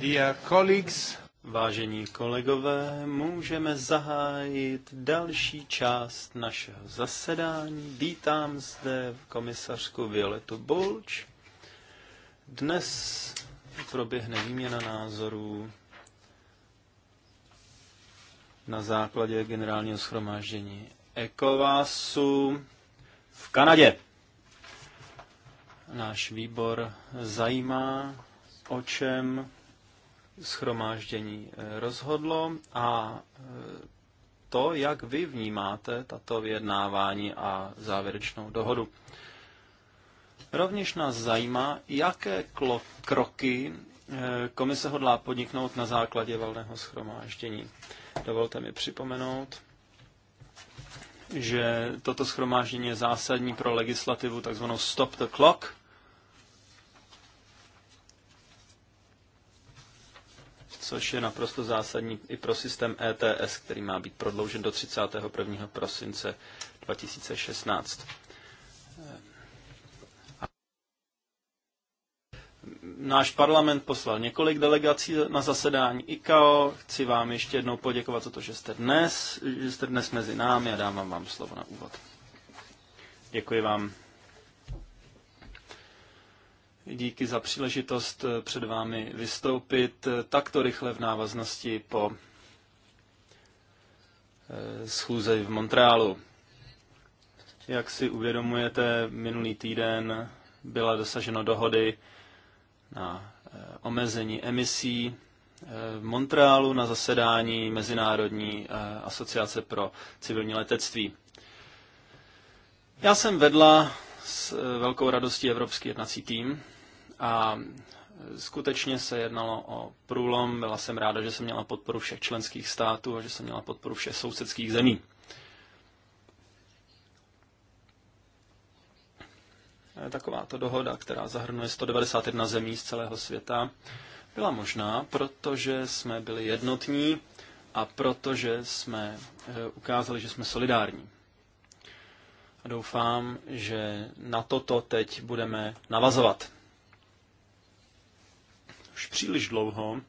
Dear colleagues, Vážení kolegové, můžeme zahájit další část našeho zasedání. Vítám zde komisařku Violetu Bulč. Dnes proběhne výměna názorů na základě generálního schromáždění ECOWASu v Kanadě. Náš výbor zajímá, o čem schromáždění eh, rozhodlo a eh, to, jak vy vnímáte tato vyjednávání a závěrečnou dohodu. Rovněž nás zajímá, jaké kroky eh, komise hodlá podniknout na základě valného schromáždění. Dovolte mi připomenout, že toto schromáždění je zásadní pro legislativu tzv. stop the clock, což je naprosto zásadní i pro systém ETS, který má být prodloužen do 31. prosince 2016. Náš parlament poslal několik delegací na zasedání ICAO. Chci vám ještě jednou poděkovat za to, že jste dnes, že jste dnes mezi námi a dávám vám slovo na úvod. Děkuji vám díky za příležitost eh, před vámi vystoupit eh, takto rychle v návaznosti po eh, schůze v Montrealu. Jak si uvědomujete, minulý týden byla dosaženo dohody na omezení emisí v Montrealu na zasedání Mezinárodní asociace pro civilní letectví. Já jsem vedla s velkou radostí Evropský jednací tým a e, skutečně se jednalo o průlom. Byla jsem ráda, že jsem měla podporu všech členských států a že jsem měla podporu všech sousedských zemí. E, takováto dohoda, která zahrnuje 191 zemí z celého světa, byla možná, protože jsme byli jednotní a protože jsme e, ukázali, že jsme solidární. A doufám, že na toto teď budeme navazovat už příliš dlouho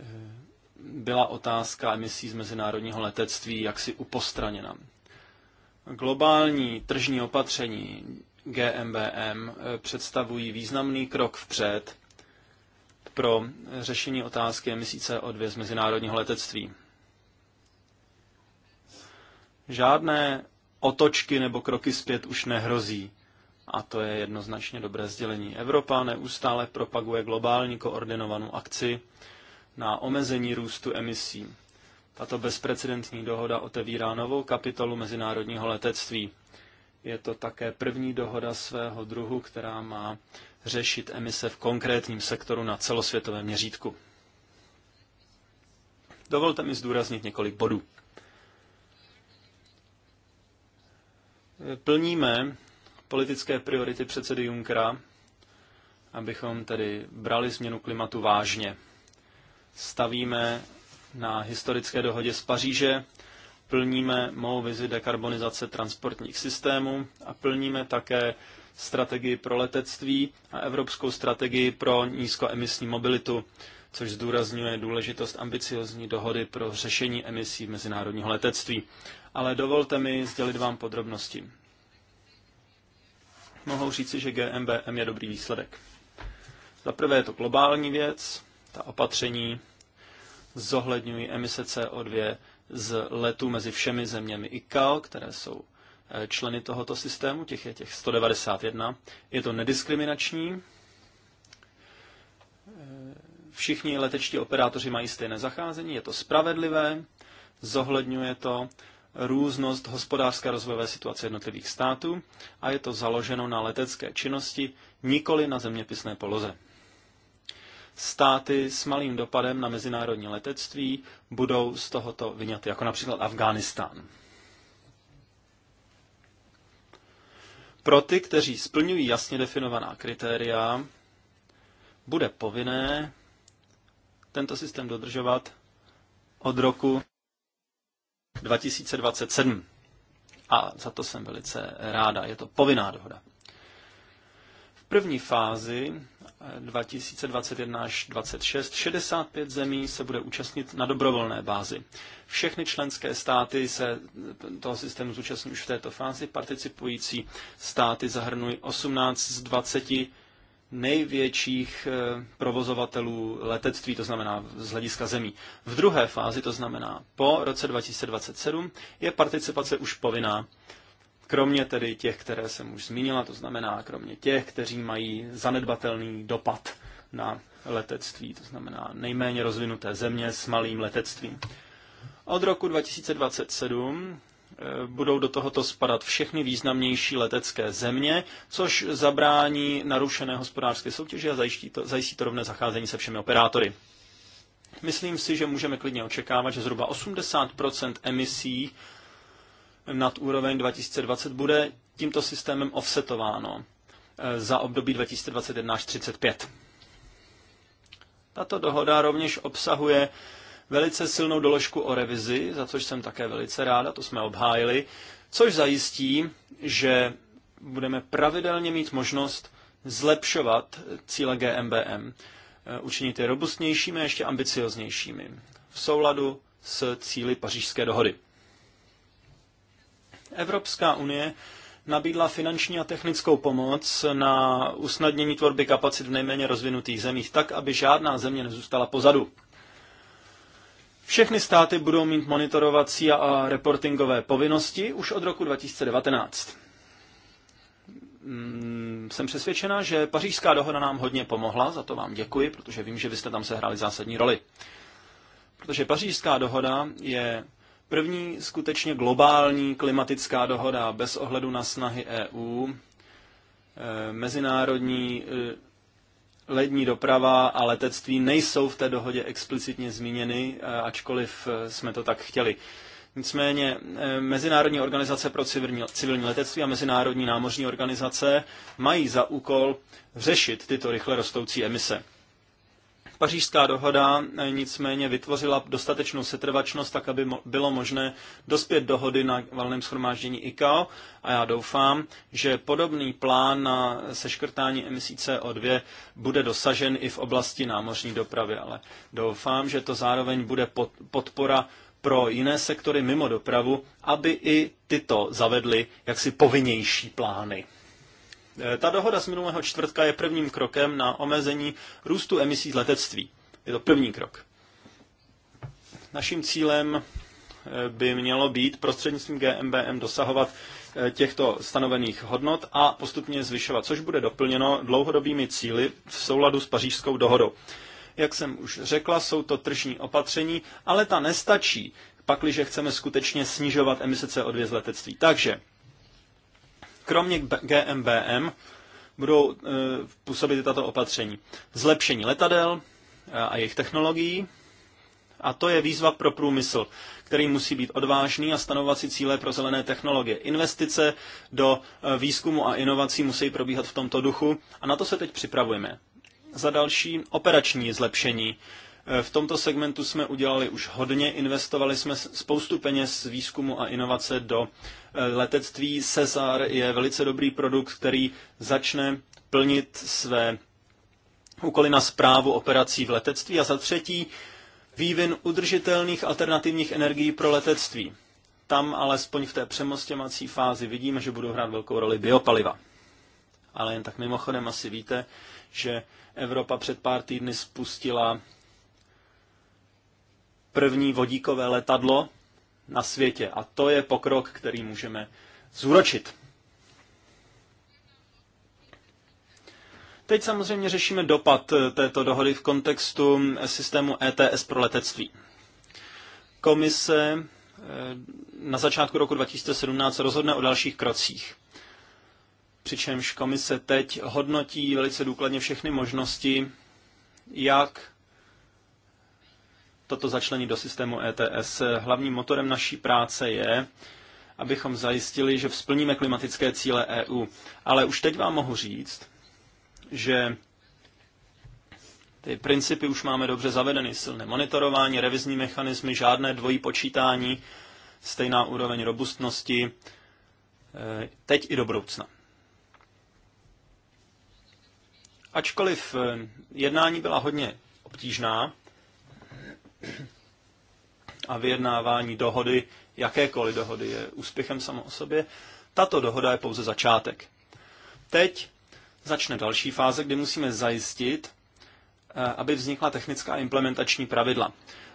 eh, byla otázka emisí z mezinárodního letectví jaksi upostraněna. Globální tržní opatření GMBM eh, představují významný krok vpřed pro řešení otázky emisí CO2 z mezinárodního letectví. Žádné otočky nebo kroky zpět už nehrozí. A to je jednoznačně dobré sdělení. Evropa neustále propaguje globální koordinovanou akci na omezení růstu emisí. Tato bezprecedentní dohoda otevírá novou kapitolu mezinárodního letectví. Je to také první dohoda svého druhu, která má řešit emise v konkrétním sektoru na celosvětovém měřítku. Dovolte mi zdůraznit několik bodů. Plníme politické priority předsedy Junckera, abychom tedy brali změnu klimatu vážně. Stavíme na historické dohodě z Paříže, plníme mou vizi dekarbonizace transportních systémů a plníme také strategii pro letectví a evropskou strategii pro nízkoemisní mobilitu, což zdůrazňuje důležitost ambiciozní dohody pro řešení emisí mezinárodního letectví. Ale dovolte mi sdělit vám podrobnosti mohou říci, že GMBM je dobrý výsledek. Za prvé je to globální věc, ta opatření zohledňují emise CO2 z letu mezi všemi zeměmi ICAO, které jsou eh, členy tohoto systému, těch je těch 191. Je to nediskriminační. Eh, všichni letečtí operátoři mají stejné zacházení, je to spravedlivé, zohledňuje to různost hospodářské rozvojové situace jednotlivých států a je to založeno na letecké činnosti, nikoli na zeměpisné poloze. Státy s malým dopadem na mezinárodní letectví budou z tohoto vyňaty, jako například Afghánistán. Pro ty, kteří splňují jasně definovaná kritéria, bude povinné tento systém dodržovat od roku 2027. A za to jsem velice ráda. Je to povinná dohoda. V první fázi 2021 eh, až 2026 65 zemí se bude účastnit na dobrovolné bázi. Všechny členské státy se toho systému zúčastní už v této fázi. Participující státy zahrnují 18 z 20 největších eh, provozovatelů letectví, to znamená z hlediska zemí. V druhé fázi, to znamená po roce 2027, je participace už povinná. Kromě tedy těch, které jsem už zmínila, to znamená kromě těch, kteří mají zanedbatelný dopad na letectví, to znamená nejméně rozvinuté země s malým letectvím. Od roku 2027 Eh, budou do tohoto spadat všechny významnější letecké země, což zabrání narušené hospodářské soutěže a zajistí to, zajistí to rovné zacházení se všemi operátory. Myslím si, že můžeme klidně očekávat, že zhruba 80 emisí nad úroveň 2020 bude tímto systémem offsetováno eh, za období 2021 až 35. Tato dohoda rovněž obsahuje velice silnou doložku o revizi, za což jsem také velice ráda, to jsme obhájili, což zajistí, že budeme pravidelně mít možnost zlepšovat cíle GMBM, eh, učinit je robustnějšími a ještě ambicioznějšími v souladu s cíly pařížské dohody. Evropská unie nabídla finanční a technickou pomoc na usnadnění tvorby kapacit v nejméně rozvinutých zemích tak, aby žádná země nezůstala pozadu. Všechny státy budou mít monitorovací a reportingové povinnosti už od roku 2019. Mm, jsem přesvědčena, že pařížská dohoda nám hodně pomohla, za to vám děkuji, protože vím, že vy jste tam sehráli zásadní roli. Protože pařížská dohoda je první skutečně globální klimatická dohoda bez ohledu na snahy EU e, mezinárodní e, lední doprava a letectví nejsou v té dohodě explicitně zmíněny, eh, ačkoliv eh, jsme to tak chtěli. Nicméně eh, Mezinárodní organizace pro civilní, civilní letectví a Mezinárodní námořní organizace mají za úkol řešit tyto rychle rostoucí emise. Pařížská dohoda eh, nicméně vytvořila dostatečnou setrvačnost, tak aby mo bylo možné dospět dohody na valném schromáždění ICAO a já doufám, že podobný plán na seškrtání emisí CO2 bude dosažen i v oblasti námořní dopravy, ale doufám, že to zároveň bude pod podpora pro jiné sektory mimo dopravu, aby i tyto zavedly jaksi povinnější plány. Eh, ta dohoda z minulého čtvrtka je prvním krokem na omezení růstu emisí z letectví. Je to první krok. Naším cílem eh, by mělo být prostřednictvím GMBM dosahovat eh, těchto stanovených hodnot a postupně zvyšovat, což bude doplněno dlouhodobými cíly v souladu s pařížskou dohodou. Jak jsem už řekla, jsou to tržní opatření, ale ta nestačí, pakliže chceme skutečně snižovat emise CO2 z letectví. Takže Kromě GMBM budou eh, působit tato opatření. Zlepšení letadel eh, a jejich technologií, a to je výzva pro průmysl, který musí být odvážný a stanovat si cíle pro zelené technologie. Investice do eh, výzkumu a inovací musí probíhat v tomto duchu a na to se teď připravujeme. Za další operační zlepšení Eh, v tomto segmentu jsme udělali už hodně, investovali jsme spoustu peněz z výzkumu a inovace do eh, letectví. Cesar je velice dobrý produkt, který začne plnit své úkoly na zprávu operací v letectví. A za třetí, vývin udržitelných alternativních energií pro letectví. Tam alespoň v té přemostěmací fázi vidíme, že budou hrát velkou roli biopaliva. Ale jen tak mimochodem asi víte, že Evropa před pár týdny spustila první vodíkové letadlo na světě. A to je pokrok, který můžeme zúročit. Teď samozřejmě řešíme dopad eh, této dohody v kontextu eh, systému ETS pro letectví. Komise eh, na začátku roku 2017 rozhodne o dalších krocích. Přičemž komise teď hodnotí velice důkladně všechny možnosti, jak toto začlení do systému ETS. Hlavním motorem naší práce je, abychom zajistili, že splníme klimatické cíle EU. Ale už teď vám mohu říct, že ty principy už máme dobře zavedeny. Silné monitorování, revizní mechanismy, žádné dvojí počítání, stejná úroveň robustnosti, e, teď i do budoucna. Ačkoliv e, jednání byla hodně obtížná, a vyjednávání dohody, jakékoliv dohody, je úspěchem samo o sobě. Tato dohoda je pouze začátek. Teď začne další fáze, kdy musíme zajistit, eh, aby vznikla technická implementační pravidla.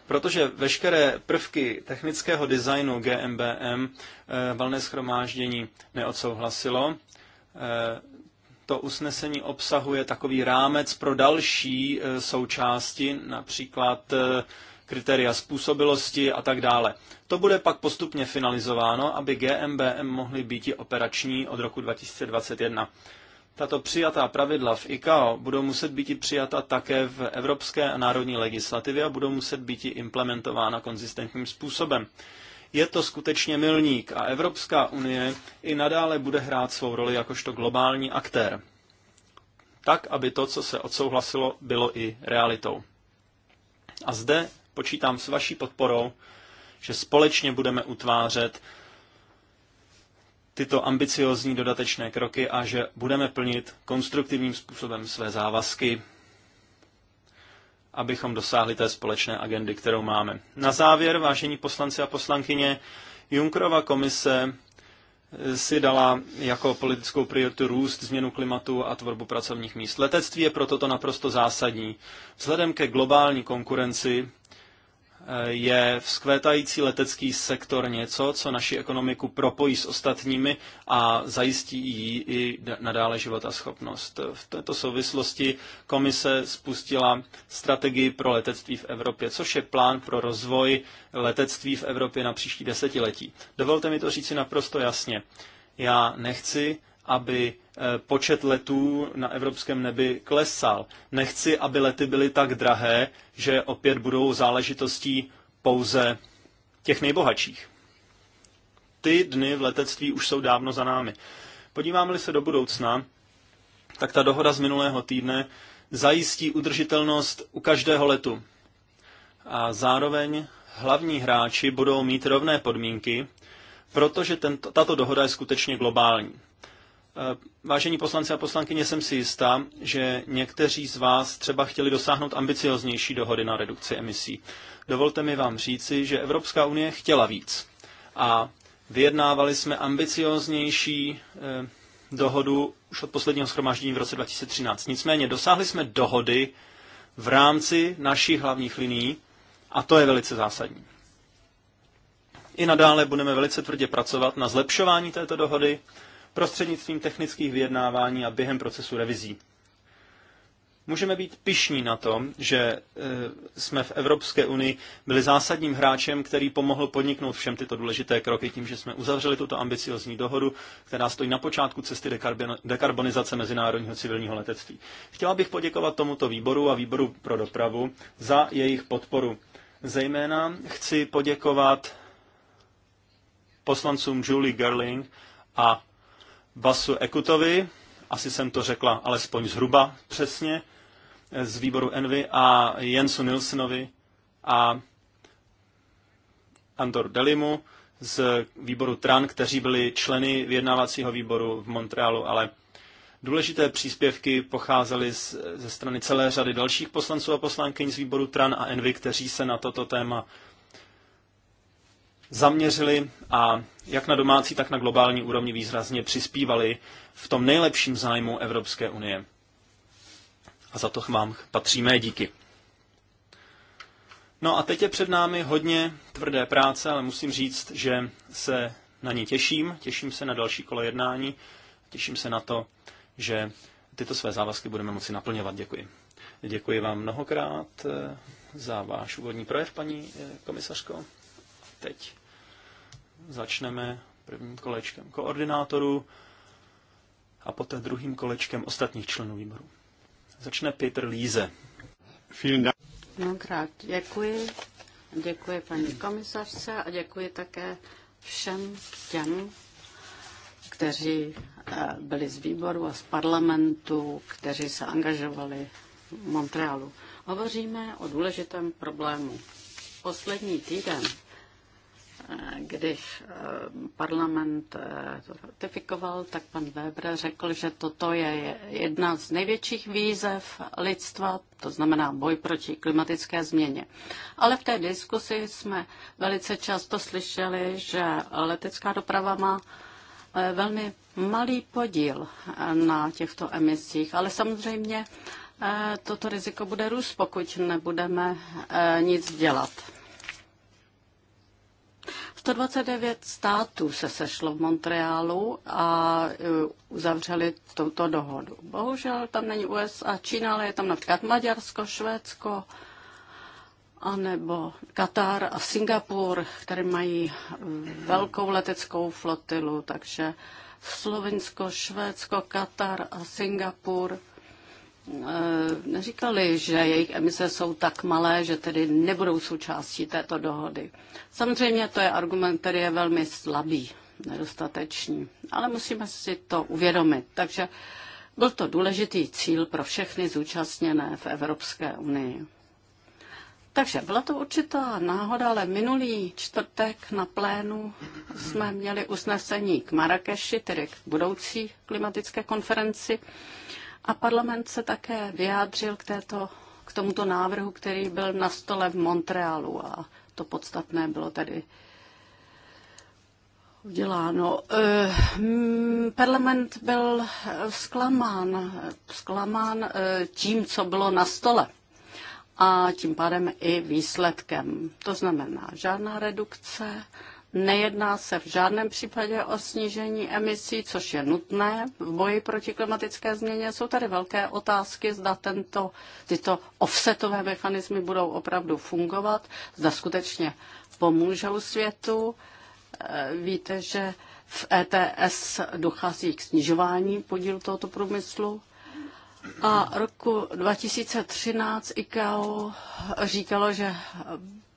Protože veškeré prvky technického designu GMBM eh, valné schromáždění neodsouhlasilo, eh, to usnesení obsahuje takový rámec pro další součásti, například kritéria způsobilosti a tak dále. To bude pak postupně finalizováno, aby GMBM mohly být i operační od roku 2021. Tato přijatá pravidla v ICAO budou muset být i přijata také v evropské a národní legislativě a budou muset být i implementována konzistentním způsobem. Je to skutečně milník a Evropská unie i nadále bude hrát svou roli jakožto globální aktér. Tak, aby to, co se odsouhlasilo, bylo i realitou. A zde Počítám s vaší podporou, že společně budeme utvářet tyto ambiciozní dodatečné kroky a že budeme plnit konstruktivním způsobem své závazky, abychom dosáhli té společné agendy, kterou máme. Na závěr, vážení poslanci a poslankyně, Junkrova komise si dala jako politickou prioritu růst, změnu klimatu a tvorbu pracovních míst. Letectví je proto to naprosto zásadní. Vzhledem ke globální konkurenci je vzkvétající letecký sektor něco, co naši ekonomiku propojí s ostatními a zajistí jí i nadále schopnost. V této souvislosti komise spustila strategii pro letectví v Evropě, což je plán pro rozvoj letectví v Evropě na příští desetiletí. Dovolte mi to říci naprosto jasně. Já nechci, aby Eh, počet letů na evropském nebi klesal. Nechci, aby lety byly tak drahé, že opět budou záležitostí pouze těch nejbohatších. Ty dny v letectví už jsou dávno za námi. Podíváme-li se do budoucna, tak ta dohoda z minulého týdne zajistí udržitelnost u každého letu. A zároveň hlavní hráči budou mít rovné podmínky, protože tento, tato dohoda je skutečně globální. Eh, vážení poslanci a poslankyně, jsem si jistá, že někteří z vás třeba chtěli dosáhnout ambicioznější dohody na redukci emisí. Dovolte mi vám říci, že Evropská unie chtěla víc a vyjednávali jsme ambicioznější eh, dohodu už od posledního schromáždění v roce 2013. Nicméně dosáhli jsme dohody v rámci našich hlavních liní a to je velice zásadní. I nadále budeme velice tvrdě pracovat na zlepšování této dohody prostřednictvím technických vyjednávání a během procesu revizí. Můžeme být pišní na to, že e, jsme v Evropské unii byli zásadním hráčem, který pomohl podniknout všem tyto důležité kroky tím, že jsme uzavřeli tuto ambiciozní dohodu, která stojí na počátku cesty dekarbonizace mezinárodního civilního letectví. Chtěla bych poděkovat tomuto výboru a výboru pro dopravu za jejich podporu. Zejména chci poděkovat poslancům Julie Gerling a Vasu Ekutovi, asi jsem to řekla alespoň zhruba přesně, z výboru Envy a Jensu Nilsenovi a Andor Delimu z výboru TRAN, kteří byli členy vyjednávacího výboru v Montrealu, ale důležité příspěvky pocházely z, ze strany celé řady dalších poslanců a poslankyň z výboru TRAN a ENVY, kteří se na toto téma zaměřili a jak na domácí, tak na globální úrovni výrazně přispívali v tom nejlepším zájmu Evropské unie. A za to vám patří mé díky. No a teď je před námi hodně tvrdé práce, ale musím říct, že se na ní těším. Těším se na další kolo jednání. Těším se na to, že tyto své závazky budeme moci naplňovat. Děkuji. Děkuji vám mnohokrát eh, za váš úvodní projev, paní eh, komisařko. Teď Začneme prvním kolečkem koordinátorů a poté druhým kolečkem ostatních členů výboru. Začne Petr Líze. Mnohokrát děkuji. Děkuji paní komisařce a děkuji také všem těm, kteří eh, byli z výboru a z parlamentu, kteří se angažovali v Montrealu. Hovoříme o důležitém problému. Poslední týden když eh, parlament eh, to ratifikoval, tak pan Weber řekl, že toto je jedna z největších výzev lidstva, to znamená boj proti klimatické změně. Ale v té diskusi jsme velice často slyšeli, že letecká doprava má eh, velmi malý podíl na těchto emisích, ale samozřejmě toto riziko bude růst, pokud nebudeme nic dělat. 129 států se sešlo v Montrealu a e, uzavřeli tuto dohodu. Bohužel tam není USA, Čína, ale je tam například Maďarsko, Švédsko, anebo Katar a Singapur, které mají velkou leteckou flotilu, takže Slovinsko, Švédsko, Katar a Singapur Eh, neříkali, že jejich emise jsou tak malé, že tedy nebudou součástí této dohody. Samozřejmě to je argument, který je velmi slabý, nedostatečný, ale musíme si to uvědomit. Takže byl to důležitý cíl pro všechny zúčastněné v Evropské unii. Takže byla to určitá náhoda, ale minulý čtvrtek na plénu jsme měli usnesení k Marrakeši, tedy k budoucí klimatické konferenci. A parlament se také vyjádřil k, této, k tomuto návrhu, který byl na stole v Montrealu a to podstatné bylo tedy uděláno. Eh, mm, parlament byl zklamán, zklamán eh, tím, co bylo na stole a tím pádem i výsledkem. To znamená žádná redukce, Nejedná se v žádném případě o snížení emisí, což je nutné v boji proti klimatické změně. Jsou tady velké otázky, zda tento, tyto offsetové mechanismy budou opravdu fungovat, zda skutečně pomůžou světu. Eh, víte, že v ETS dochází k snižování podílu tohoto průmyslu. A roku 2013 ICAO říkalo, že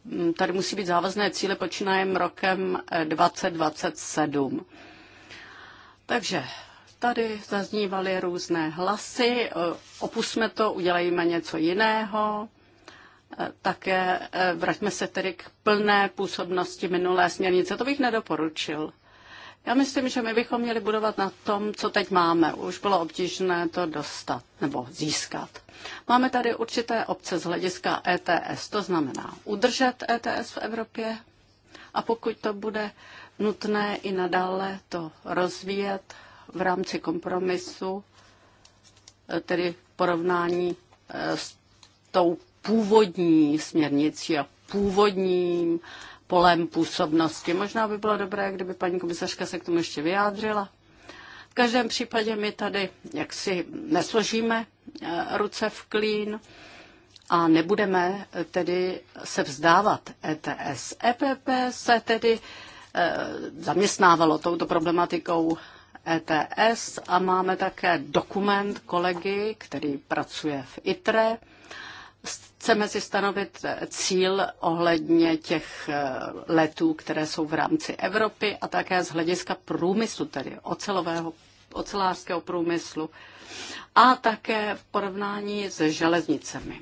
Mm, tady musí být závazné cíle počínajem rokem 2027. Eh, Takže tady zaznívaly různé hlasy, eh, opusme to, udělejme něco jiného. Eh, také vraťme se tedy k plné působnosti minulé směrnice. To bych nedoporučil. Já myslím, že my bychom měli budovat na tom, co teď máme. Už bylo obtížné to dostat nebo získat. Máme tady určité obce z hlediska ETS, to znamená udržet ETS v Evropě a pokud to bude nutné i nadále to rozvíjet v rámci kompromisu, eh, tedy v porovnání eh, s tou původní směrnicí a původním polem působnosti. Možná by bylo dobré, kdyby paní komisařka se k tomu ještě vyjádřila. V každém případě my tady jaksi nesložíme eh, ruce v klín a nebudeme eh, tedy se vzdávat ETS. EPP se tedy eh, zaměstnávalo touto problematikou ETS a máme také dokument kolegy, který pracuje v ITRE chceme si stanovit cíl ohledně těch eh, letů, které jsou v rámci Evropy a také z hlediska průmyslu, tedy ocelového, ocelářského průmyslu a také v porovnání se železnicemi.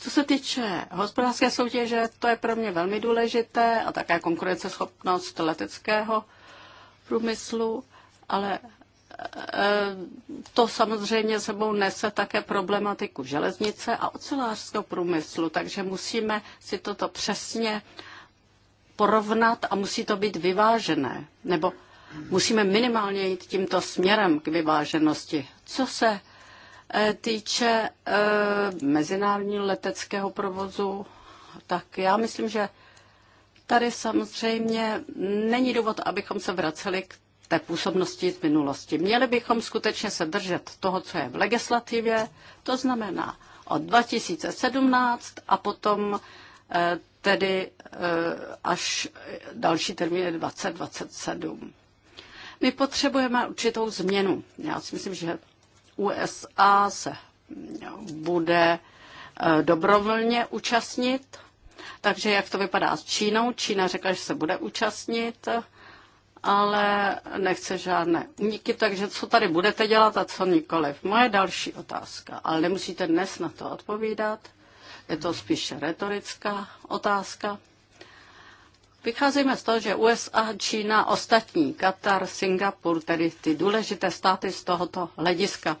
Co se týče hospodářské soutěže, to je pro mě velmi důležité a také konkurenceschopnost leteckého průmyslu, ale Eh, to samozřejmě sebou nese také problematiku železnice a ocelářského průmyslu, takže musíme si toto přesně porovnat a musí to být vyvážené, nebo musíme minimálně jít tímto směrem k vyváženosti. Co se eh, týče eh, mezinárodního leteckého provozu, tak já myslím, že tady samozřejmě není důvod, abychom se vraceli k té působnosti z minulosti. Měli bychom skutečně se držet toho, co je v legislativě, to znamená od 2017 a potom eh, tedy eh, až další termín je 2027. My potřebujeme určitou změnu. Já si myslím, že USA se eh, bude dobrovolně účastnit. Takže jak to vypadá s Čínou? Čína řekla, že se bude účastnit ale nechce žádné úniky, takže co tady budete dělat a co nikoliv. Moje další otázka, ale nemusíte dnes na to odpovídat, je to spíše retorická otázka. Vycházíme z toho, že USA, Čína, ostatní, Katar, Singapur, tedy ty důležité státy z tohoto hlediska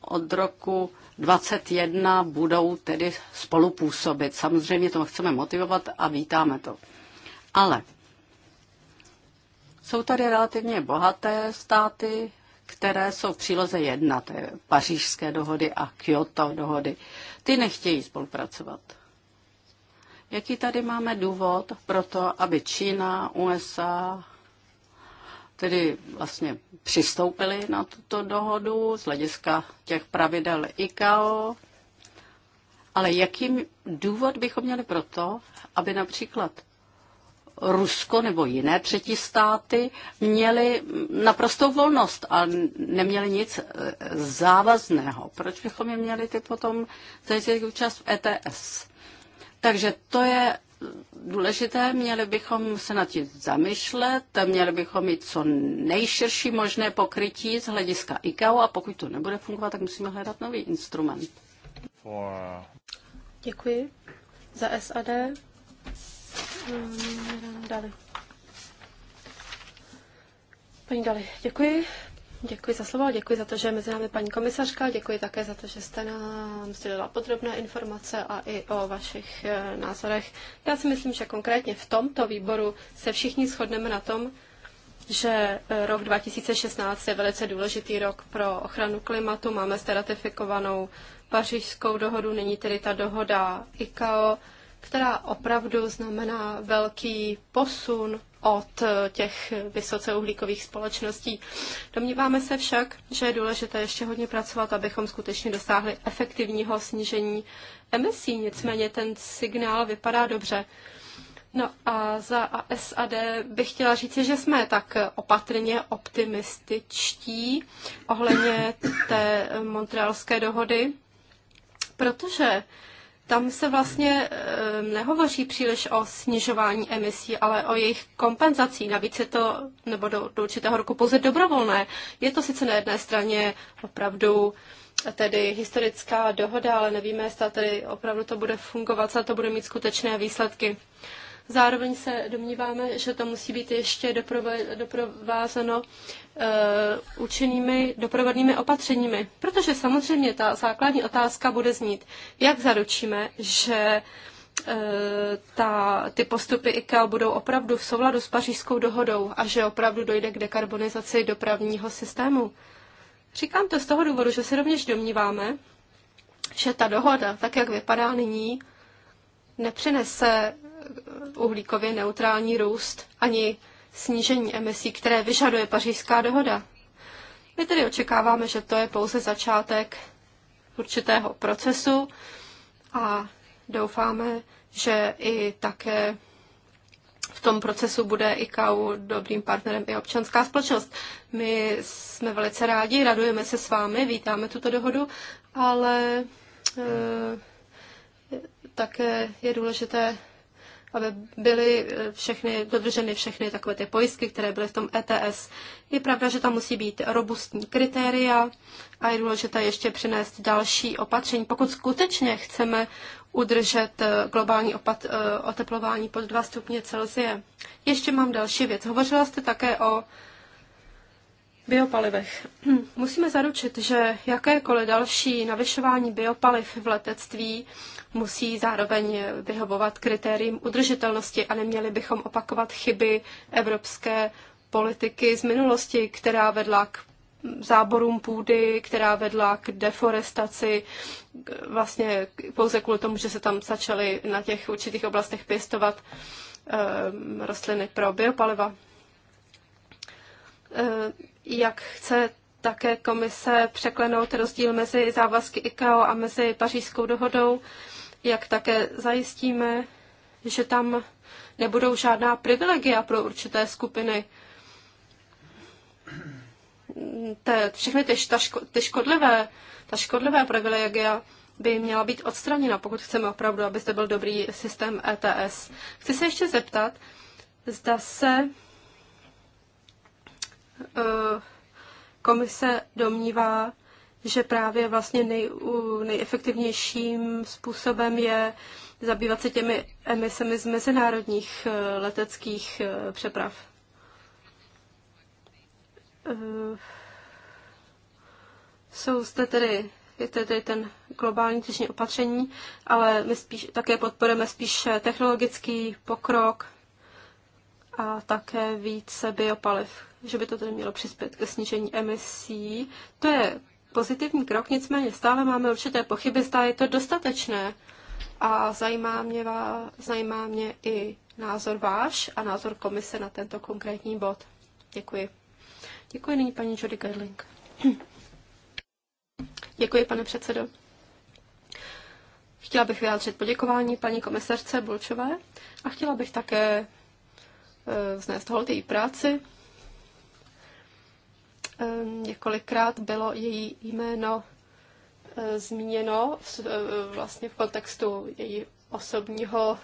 od roku 21 budou tedy spolupůsobit. Samozřejmě to chceme motivovat a vítáme to. Ale jsou tady relativně bohaté státy, které jsou v příloze jedna, to je pařížské dohody a Kyoto dohody. Ty nechtějí spolupracovat. Jaký tady máme důvod pro to, aby Čína, USA, tedy vlastně přistoupili na tuto dohodu z hlediska těch pravidel ICAO. Ale jaký důvod bychom měli pro to, aby například Rusko nebo jiné třetí státy měly naprostou volnost a neměly nic eh, závazného. Proč bychom je měli ty potom zajistit účast v ETS? Takže to je důležité, měli bychom se nad tím zamyšlet, měli bychom mít co nejširší možné pokrytí z hlediska ICAO a pokud to nebude fungovat, tak musíme hledat nový instrument. Děkuji. Za SAD Mm, Dali. Paní Dali, děkuji. Děkuji za slovo, děkuji za to, že je mezi námi paní komisařka, děkuji také za to, že jste nám sdělila podrobné informace a i o vašich eh, názorech. Já si myslím, že konkrétně v tomto výboru se všichni shodneme na tom, že eh, rok 2016 je velice důležitý rok pro ochranu klimatu. Máme zde ratifikovanou pařížskou dohodu, není tedy ta dohoda ICAO která opravdu znamená velký posun od těch vysoce uhlíkových společností. Domníváme se však, že je důležité ještě hodně pracovat, abychom skutečně dosáhli efektivního snížení emisí. Nicméně ten signál vypadá dobře. No a za SAD bych chtěla říct, že jsme tak opatrně optimističtí ohledně té montrealské dohody, protože tam se vlastně eh, nehovoří příliš o snižování emisí, ale o jejich kompenzací. Navíc je to, nebo do, do určitého roku pouze dobrovolné. Je to sice na jedné straně opravdu tedy historická dohoda, ale nevíme, zda tedy opravdu to bude fungovat, zda to bude mít skutečné výsledky. Zároveň se domníváme, že to musí být ještě doprovázeno eh, účinnými doprovodnými opatřeními, protože samozřejmě ta základní otázka bude znít, jak zaručíme, že eh, ta, ty postupy IKEA budou opravdu v souladu s pařížskou dohodou a že opravdu dojde k dekarbonizaci dopravního systému. Říkám to z toho důvodu, že se rovněž domníváme, že ta dohoda, tak jak vypadá nyní, nepřinese uhlíkově neutrální růst ani snížení emisí, které vyžaduje pařížská dohoda. My tedy očekáváme, že to je pouze začátek určitého procesu a doufáme, že i také v tom procesu bude IKAU dobrým partnerem i občanská společnost. My jsme velice rádi, radujeme se s vámi, vítáme tuto dohodu, ale e, také je důležité aby byly eh, všechny, dodrženy všechny takové ty pojistky, které byly v tom ETS. Je pravda, že tam musí být robustní kritéria a je důležité ještě přinést další opatření. Pokud skutečně chceme udržet eh, globální opat, eh, oteplování pod 2 stupně Celsie. Ještě mám další věc. Hovořila jste také o biopalivech. Musíme zaručit, že jakékoliv další navyšování biopaliv v letectví musí zároveň vyhovovat kritériím udržitelnosti a neměli bychom opakovat chyby evropské politiky z minulosti, která vedla k záborům půdy, která vedla k deforestaci, vlastně pouze kvůli tomu, že se tam začaly na těch určitých oblastech pěstovat ehm, rostliny pro biopaliva. Ehm, jak chce také komise překlenout rozdíl mezi závazky ICAO a mezi pařížskou dohodou, jak také zajistíme, že tam nebudou žádná privilegia pro určité skupiny. Te, všechny ty, ta ško, ty škodlivé, ta škodlivé privilegia by měla být odstraněna, pokud chceme opravdu, aby zde byl dobrý systém ETS. Chci se ještě zeptat, zda se eh, komise domnívá, že právě vlastně nej, nejefektivnějším způsobem je zabývat se těmi emisemi z mezinárodních eh, leteckých eh, přeprav. Eh, jsou zde tedy, je tedy ten globální těžní opatření, ale my spíš, také podporujeme spíš technologický pokrok a také více biopaliv, že by to tedy mělo přispět ke snížení emisí. To je pozitivní krok, nicméně stále máme určité pochyby, zda je to dostatečné. A zajímá mě, zajímá mě i názor váš a názor komise na tento konkrétní bod. Děkuji. Děkuji nyní paní Jody Gerling. Děkuji, pane předsedo. Chtěla bych vyjádřit poděkování paní komisařce Bulčové a chtěla bych také eh, vznést hold její práci několikrát bylo její jméno e, zmíněno e, vlastně v kontextu její osobního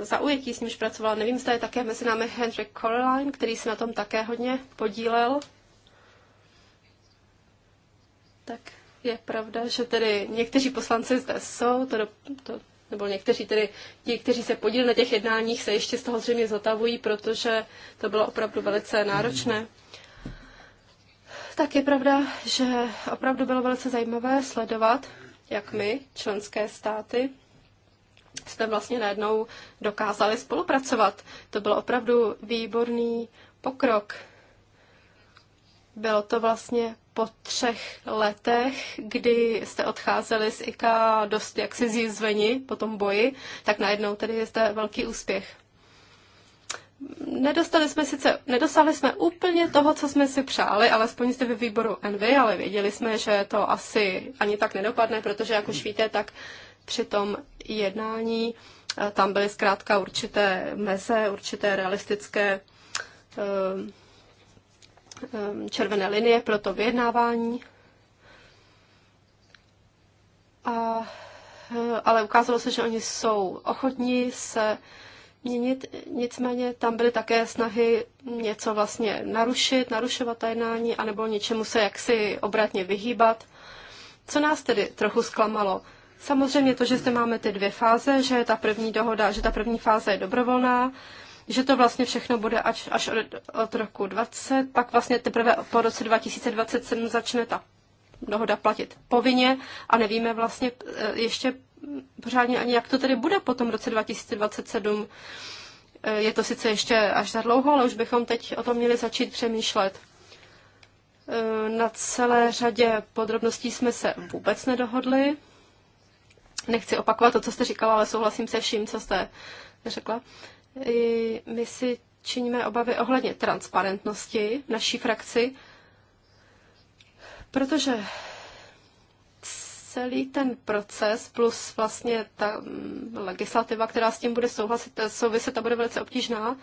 e, zaujetí, s nímž pracovala. Nevím, zda je také mezi námi Henry Coraline, který se na tom také hodně podílel. Tak je pravda, že tedy někteří poslanci zde jsou, to, to, nebo někteří tedy ti, kteří se podílí na těch jednáních, se ještě z toho zřejmě zotavují, protože to bylo opravdu velice náročné. Mm tak je pravda, že opravdu bylo velice zajímavé sledovat, jak my, členské státy, jsme vlastně najednou dokázali spolupracovat. To byl opravdu výborný pokrok. Bylo to vlastně po třech letech, kdy jste odcházeli z IKA dost jaksi zjizveni po tom boji, tak najednou tedy je zde velký úspěch. Nedostali jsme sice, nedostali jsme úplně toho, co jsme si přáli, alespoň jste ve výboru Envy, ale věděli jsme, že to asi ani tak nedopadne, protože, jak už hmm. víte, tak při tom jednání eh, tam byly zkrátka určité meze, určité realistické eh, eh, červené linie pro to vyjednávání. A, ale ukázalo se, že oni jsou ochotní se měnit. Nicméně tam byly také snahy něco vlastně narušit, narušovat ta jednání, anebo něčemu se jaksi obratně vyhýbat. Co nás tedy trochu zklamalo? Samozřejmě to, že zde máme ty dvě fáze, že ta první dohoda, že ta první fáze je dobrovolná, že to vlastně všechno bude až, až od, od roku 20, pak vlastně teprve po roce 2027 začne ta dohoda platit povinně a nevíme vlastně e, ještě pořádně ani, jak to tedy bude potom v roce 2027. Eh, je to sice ještě až za dlouho, ale už bychom teď o tom měli začít přemýšlet. Eh, na celé řadě podrobností jsme se vůbec nedohodli. Nechci opakovat to, co jste říkala, ale souhlasím se vším, co jste řekla. My si činíme obavy ohledně transparentnosti naší frakci, protože celý ten proces plus vlastně ta mm, legislativa, která s tím bude souhlasit, souviset a bude velice obtížná.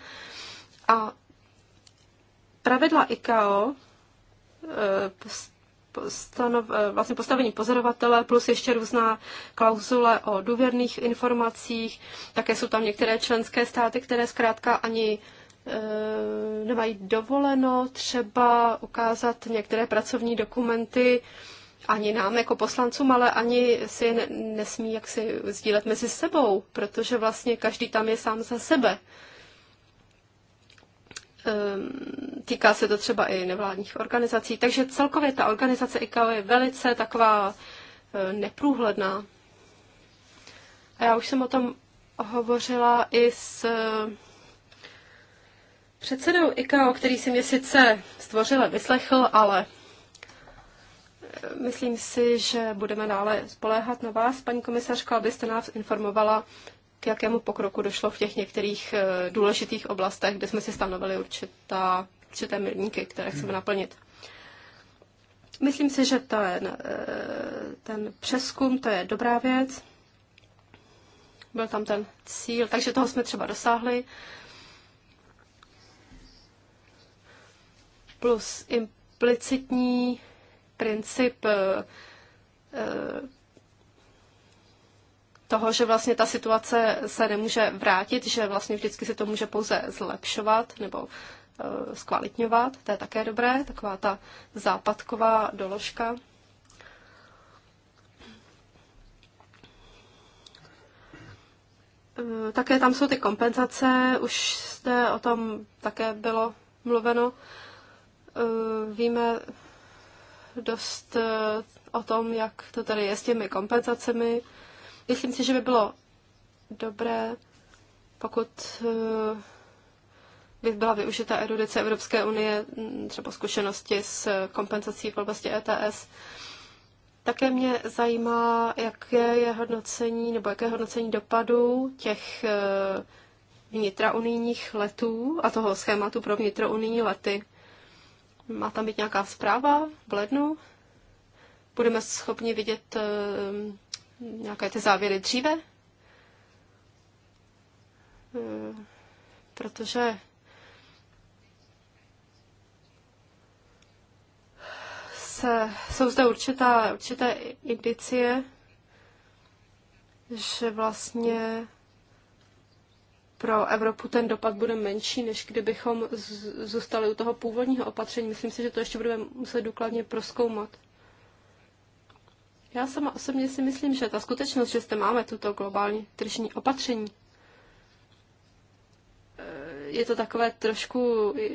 A pravidla ICAO e, stanov, e, vlastně postavení pozorovatele plus ještě různá klauzule o důvěrných informacích. Také jsou tam některé členské státy, které zkrátka ani e, nemají dovoleno třeba ukázat některé pracovní dokumenty ani nám jako poslancům, ale ani si je nesmí jaksi sdílet mezi sebou, protože vlastně každý tam je sám za sebe. Ehm, týká se to třeba i nevládních organizací. Takže celkově ta organizace ICAO je velice taková e, neprůhledná. A já už jsem o tom hovořila i s e, předsedou ICAO, který si mě sice a vyslechl, ale Myslím si, že budeme dále spoléhat na vás, paní komisařko, abyste nás informovala, k jakému pokroku došlo v těch některých eh, důležitých oblastech, kde jsme si stanovili určitá, určité milníky, které chceme hmm. naplnit. Myslím si, že ten, eh, ten přeskum, to je dobrá věc. Byl tam ten cíl, takže toho jsme třeba dosáhli. Plus implicitní princip eh, eh, toho, že vlastně ta situace se nemůže vrátit, že vlastně vždycky se to může pouze zlepšovat nebo eh, zkvalitňovat, to je také dobré, taková ta západková doložka. Také tam jsou ty kompenzace, už jste o tom také bylo mluveno. Víme, dost eh, o tom, jak to tady je s těmi kompenzacemi. Myslím si, že by bylo dobré, pokud eh, by byla využita erudice Evropské unie, mm, třeba zkušenosti s kompenzací v oblasti ETS. Také mě zajímá, jaké je hodnocení nebo jaké je hodnocení dopadu těch eh, vnitrounijních letů a toho schématu pro vnitrounijní lety. Má tam být nějaká zpráva v lednu? Budeme schopni vidět eh, nějaké ty závěry dříve? Eh, protože se, jsou zde určitá, určité indicie, že vlastně pro Evropu ten dopad bude menší, než kdybychom zůstali u toho původního opatření. Myslím si, že to ještě budeme muset důkladně proskoumat. Já sama osobně si myslím, že ta skutečnost, že zde máme tuto globální tržní opatření, eh, je to takové trošku, eh,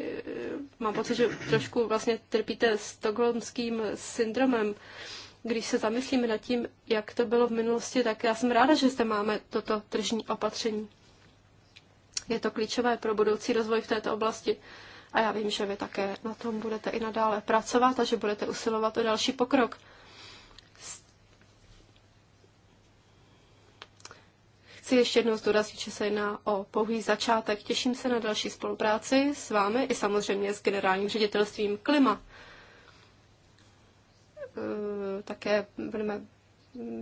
mám pocit, že trošku vlastně trpíte stokholmským syndromem. Když se zamyslíme nad tím, jak to bylo v minulosti, tak já jsem ráda, že zde máme toto tržní opatření. Je to klíčové pro budoucí rozvoj v této oblasti. A já vím, že vy také na tom budete i nadále pracovat a že budete usilovat o další pokrok. Chci ještě jednou zdůraznit, že se jedná o pouhý začátek. Těším se na další spolupráci s vámi i samozřejmě s generálním ředitelstvím Klima. E, také budeme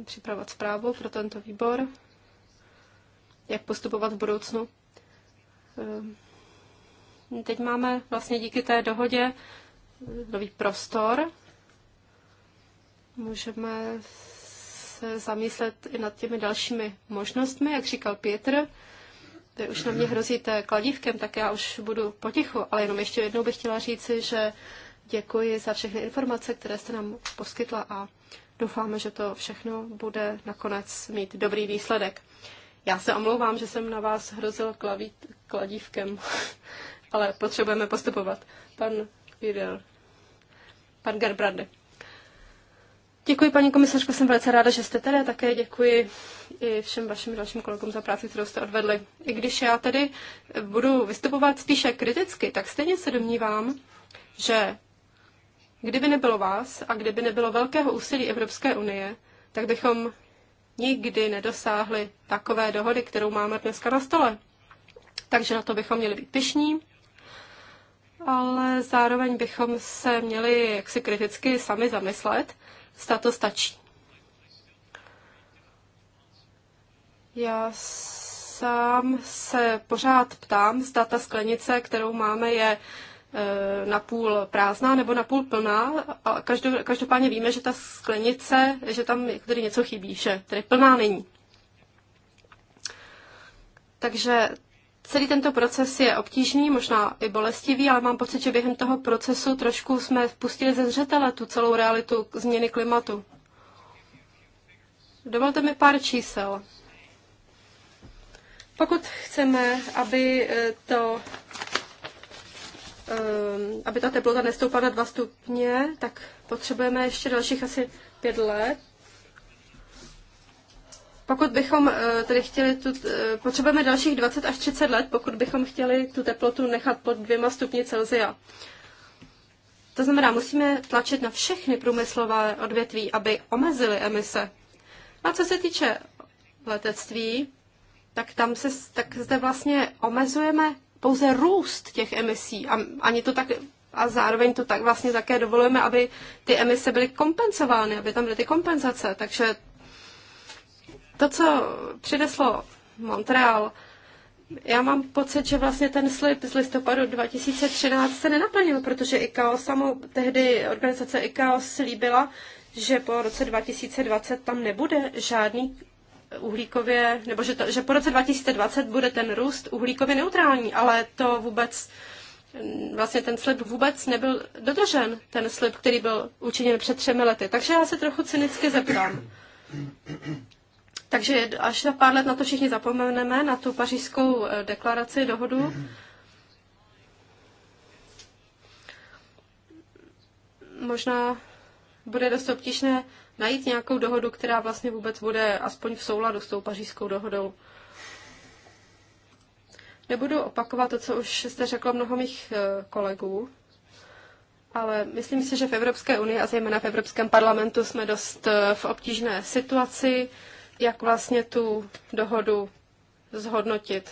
připravovat zprávu pro tento výbor, jak postupovat v budoucnu. Eh, teď máme vlastně díky té dohodě nový prostor. Můžeme se zamyslet i nad těmi dalšími možnostmi, jak říkal Pětr. Vy už na mě hrozíte kladívkem, tak já už budu potichu, ale jenom ještě jednou bych chtěla říci, že děkuji za všechny informace, které jste nám poskytla a doufáme, že to všechno bude nakonec mít dobrý výsledek. Já se omlouvám, že jsem na vás hrozil klavít, kladívkem, ale potřebujeme postupovat. Pan Videl, pan Gerbrande. Děkuji, paní komisařko, jsem velice ráda, že jste tady a také děkuji i všem vašim dalším kolegům za práci, kterou jste odvedli. I když já tedy budu vystupovat spíše kriticky, tak stejně se domnívám, že kdyby nebylo vás a kdyby nebylo velkého úsilí Evropské unie, tak bychom nikdy nedosáhli takové dohody, kterou máme dneska na stole. Takže na to bychom měli být pišní, ale zároveň bychom se měli jaksi kriticky sami zamyslet, zda to stačí. Já sám se pořád ptám, zda ta sklenice, kterou máme, je Eh, na půl prázdná nebo na půl plná. A každopádně víme, že ta sklenice, že tam tedy něco chybí, že tedy plná není. Takže celý tento proces je obtížný, možná i bolestivý, ale mám pocit, že během toho procesu trošku jsme vpustili ze zřetele tu celou realitu změny klimatu. Dovolte mi pár čísel. Pokud chceme, aby eh, to Ehm, aby ta teplota nestoupala na 2 stupně, tak potřebujeme ještě dalších asi 5 let. Pokud bychom eh, tedy chtěli, tu, eh, potřebujeme dalších 20 až 30 let, pokud bychom chtěli tu teplotu nechat pod dvěma stupni Celsia. To znamená, musíme tlačit na všechny průmyslové odvětví, aby omezily emise. A co se týče letectví, tak tam se, tak zde vlastně omezujeme pouze růst těch emisí a ani to tak a zároveň to tak vlastně také dovolujeme, aby ty emise byly kompenzovány, aby tam byly ty kompenzace. Takže to, co přineslo Montreal, já mám pocit, že vlastně ten slib z listopadu 2013 se nenaplnil, protože ICAO samo, tehdy organizace ICAO slíbila, že po roce 2020 tam nebude žádný uhlíkově, nebo že, to, že po roce 2020 bude ten růst uhlíkově neutrální, ale to vůbec, mm, vlastně ten slib vůbec nebyl dodržen, ten slib, který byl učiněn před třemi lety. Takže já se trochu cynicky zeptám. Takže až za pár let na to všichni zapomeneme, na tu pařížskou eh, deklaraci, dohodu, možná bude dost obtížné najít nějakou dohodu, která vlastně vůbec bude aspoň v souladu s tou pařížskou dohodou. Nebudu opakovat to, co už jste řeklo mnoho mých eh, kolegů, ale myslím si, že v Evropské unii a zejména v Evropském parlamentu jsme dost eh, v obtížné situaci, jak vlastně tu dohodu zhodnotit.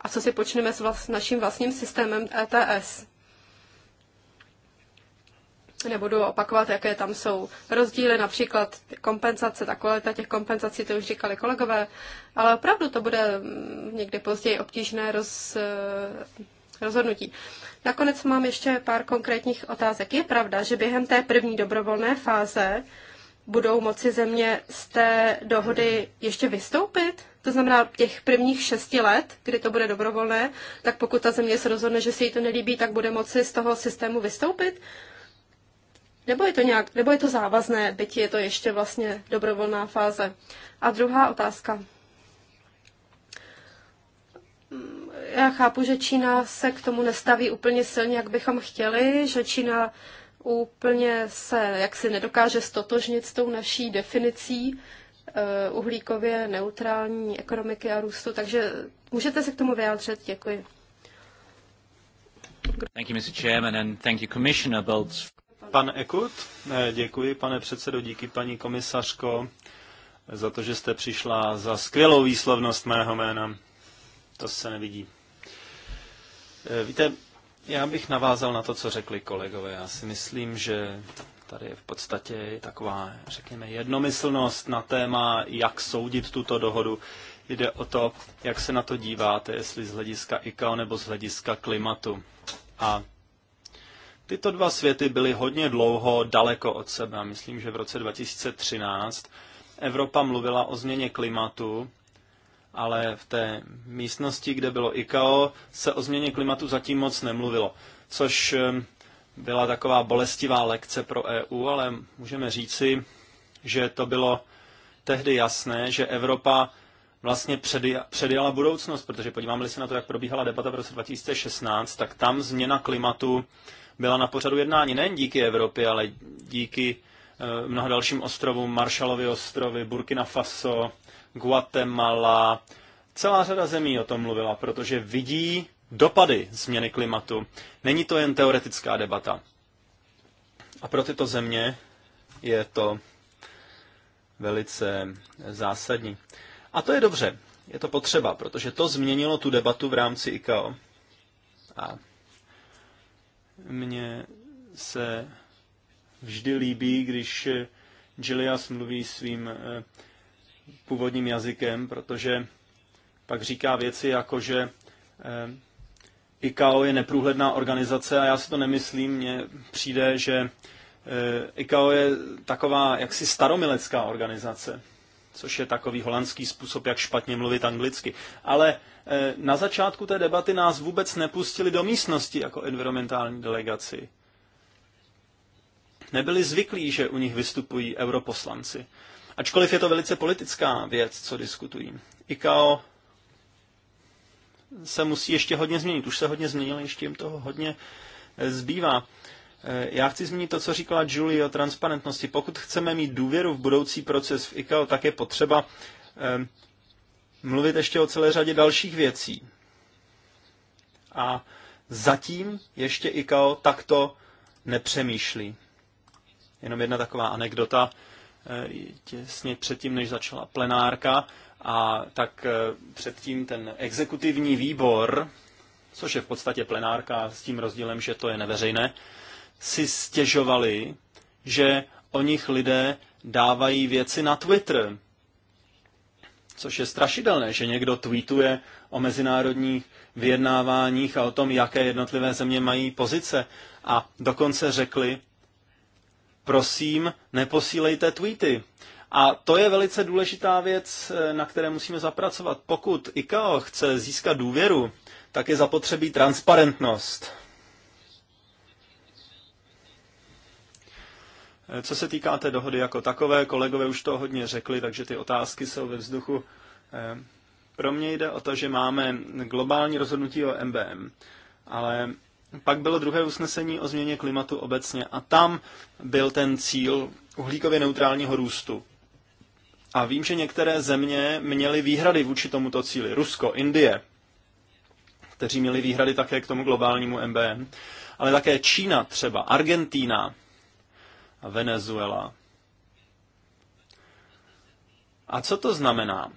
A co si počneme s vlast, naším vlastním systémem ETS nebudu opakovat, jaké tam jsou rozdíly, například kompenzace, ta kvalita těch kompenzací, to už říkali kolegové, ale opravdu to bude mm, někdy později obtížné roz, eh, rozhodnutí. Nakonec mám ještě pár konkrétních otázek. Je pravda, že během té první dobrovolné fáze budou moci země z té dohody ještě vystoupit? To znamená těch prvních šesti let, kdy to bude dobrovolné, tak pokud ta země se rozhodne, že se jí to nelíbí, tak bude moci z toho systému vystoupit? Nebo je to nějak, nebo je to závazné, byť je to ještě vlastně dobrovolná fáze. A druhá otázka. Mm, já chápu, že Čína se k tomu nestaví úplně silně, jak bychom chtěli, že Čína úplně se jaksi nedokáže stotožnit s tou naší definicí eh, uhlíkově neutrální ekonomiky a růstu, takže můžete se k tomu vyjádřit. Děkuji. Thank you, Mr. Chairman, and thank you, Commissioner Bultz. Pan Ekut, eh, děkuji, pane předsedo, díky paní komisařko za to, že jste přišla, za skvělou výslovnost mého jména. To se nevidí. Eh, víte, já bych navázal na to, co řekli kolegové. Já si myslím, že tady je v podstatě taková, řekněme, jednomyslnost na téma, jak soudit tuto dohodu. Jde o to, jak se na to díváte, jestli z hlediska ICAO nebo z hlediska klimatu. A Tyto dva světy byly hodně dlouho daleko od sebe. Myslím, že v roce 2013 Evropa mluvila o změně klimatu, ale v té místnosti, kde bylo ICAO, se o změně klimatu zatím moc nemluvilo, což byla taková bolestivá lekce pro EU, ale můžeme říci, že to bylo tehdy jasné, že Evropa vlastně předjala budoucnost, protože podíváme-li se na to, jak probíhala debata v roce 2016, tak tam změna klimatu byla na pořadu jednání nejen díky Evropě, ale díky eh, mnoha dalším ostrovům, Marshallovy ostrovy, Burkina Faso, Guatemala. Celá řada zemí o tom mluvila, protože vidí dopady změny klimatu. Není to jen teoretická debata. A pro tyto země je to velice zásadní. A to je dobře, je to potřeba, protože to změnilo tu debatu v rámci ICAO. A mně se vždy líbí, když Gilias mluví svým eh, původním jazykem, protože pak říká věci jako, že eh, ICAO je neprůhledná organizace a já si to nemyslím, mně přijde, že eh, ICAO je taková jaksi staromilecká organizace což je takový holandský způsob, jak špatně mluvit anglicky. Ale eh, na začátku té debaty nás vůbec nepustili do místnosti jako environmentální delegaci. Nebyli zvyklí, že u nich vystupují europoslanci. Ačkoliv je to velice politická věc, co diskutují. ICAO se musí ještě hodně změnit. Už se hodně změnilo, ještě jim toho hodně eh, zbývá. Já chci zmínit to, co říkala Julie o transparentnosti. Pokud chceme mít důvěru v budoucí proces v ICAO, tak je potřeba ehm, mluvit ještě o celé řadě dalších věcí. A zatím ještě ICAO takto nepřemýšlí. Jenom jedna taková anekdota. Eh, těsně předtím, než začala plenárka, a tak eh, předtím ten exekutivní výbor, což je v podstatě plenárka s tím rozdílem, že to je neveřejné, si stěžovali, že o nich lidé dávají věci na Twitter. Což je strašidelné, že někdo tweetuje o mezinárodních vyjednáváních a o tom, jaké jednotlivé země mají pozice. A dokonce řekli, prosím, neposílejte tweety. A to je velice důležitá věc, na které musíme zapracovat. Pokud ICAO chce získat důvěru, tak je zapotřebí transparentnost. Co se týká té dohody jako takové, kolegové už to hodně řekli, takže ty otázky jsou ve vzduchu. Ehm, pro mě jde o to, že máme globální rozhodnutí o MBM, ale pak bylo druhé usnesení o změně klimatu obecně a tam byl ten cíl uhlíkově neutrálního růstu. A vím, že některé země měly výhrady vůči tomuto cíli. Rusko, Indie, kteří měli výhrady také k tomu globálnímu MBM, ale také Čína třeba, Argentína, a Venezuela. A co to znamená?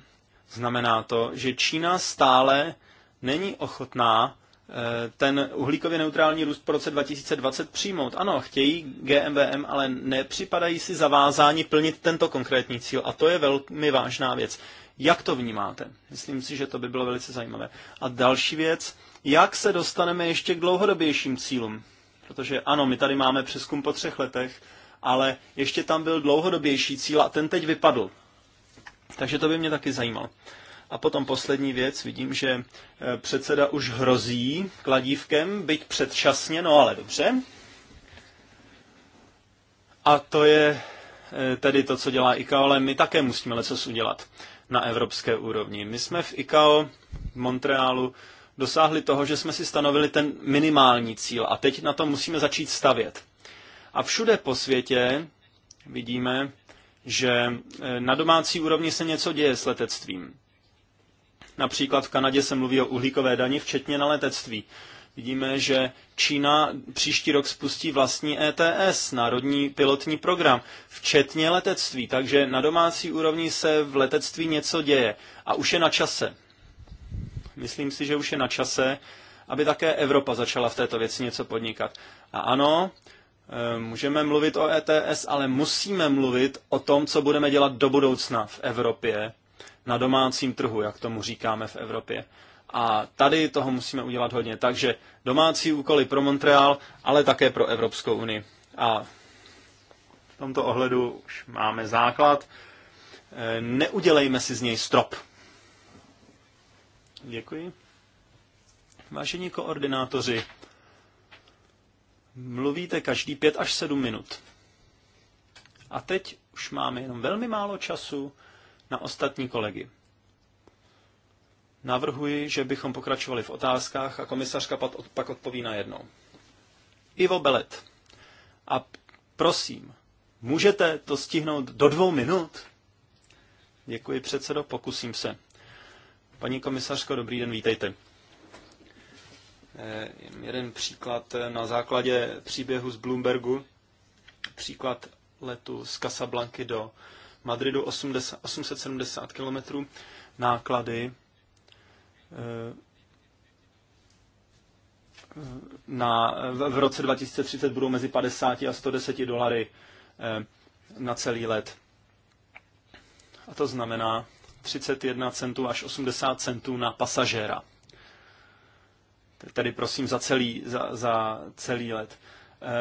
Znamená to, že Čína stále není ochotná eh, ten uhlíkově neutrální růst po roce 2020 přijmout. Ano, chtějí GMVM, ale nepřipadají si zavázání plnit tento konkrétní cíl a to je velmi vážná věc. Jak to vnímáte? Myslím si, že to by bylo velice zajímavé. A další věc, jak se dostaneme ještě k dlouhodobějším cílům? Protože ano, my tady máme přeskum po třech letech, ale ještě tam byl dlouhodobější cíl a ten teď vypadl. Takže to by mě taky zajímalo. A potom poslední věc, vidím, že eh, předseda už hrozí kladívkem, byť předčasně, no ale dobře. A to je eh, tedy to, co dělá ICAO, ale my také musíme něco udělat na evropské úrovni. My jsme v ICAO v Montrealu dosáhli toho, že jsme si stanovili ten minimální cíl a teď na to musíme začít stavět. A všude po světě vidíme, že eh, na domácí úrovni se něco děje s letectvím. Například v Kanadě se mluví o uhlíkové dani, včetně na letectví. Vidíme, že Čína příští rok spustí vlastní ETS, národní pilotní program, včetně letectví, takže na domácí úrovni se v letectví něco děje a už je na čase. Myslím si, že už je na čase, aby také Evropa začala v této věci něco podnikat. A ano, Eh, můžeme mluvit o ETS, ale musíme mluvit o tom, co budeme dělat do budoucna v Evropě, na domácím trhu, jak tomu říkáme v Evropě. A tady toho musíme udělat hodně. Takže domácí úkoly pro Montreal, ale také pro Evropskou unii. A v tomto ohledu už máme základ. Eh, neudělejme si z něj strop. Děkuji. Vážení koordinátoři, mluvíte každý pět až sedm minut. A teď už máme jenom velmi málo času na ostatní kolegy. Navrhuji, že bychom pokračovali v otázkách a komisařka pak odpoví na jednou. Ivo Belet. A prosím, můžete to stihnout do dvou minut? Děkuji předsedo, pokusím se. Paní komisařko, dobrý den, vítejte. Eh, jeden příklad eh, na základě příběhu z Bloombergu. Příklad letu z Casablanky do Madridu 80, 870 km. Náklady eh, na, v roce 2030 budou mezi 50 a 110 dolary na celý let. A to znamená 31 centů až 80 centů na pasažéra tedy prosím za celý, za, za celý let.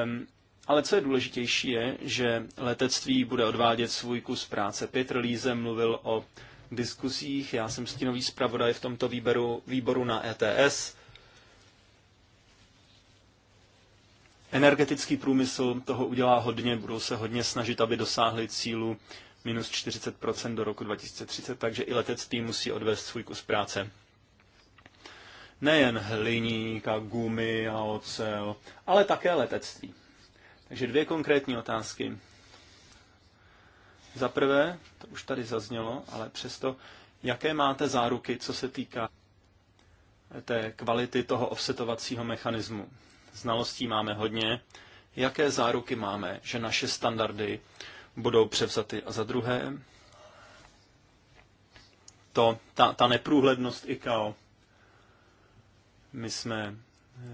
Um, ale co je důležitější je, že letectví bude odvádět svůj kus práce. Petr Líze mluvil o diskusích, já jsem stínový zpravodaj v tomto výboru, výboru na ETS. Energetický průmysl toho udělá hodně, budou se hodně snažit, aby dosáhli cílu minus 40% do roku 2030, takže i letectví musí odvést svůj kus práce nejen hliník a gumy a ocel, ale také letectví. Takže dvě konkrétní otázky. Za prvé, to už tady zaznělo, ale přesto, jaké máte záruky, co se týká té kvality toho offsetovacího mechanismu? Znalostí máme hodně. Jaké záruky máme, že naše standardy budou převzaty? A za druhé, to, ta, ta neprůhlednost ICAO, my jsme eh,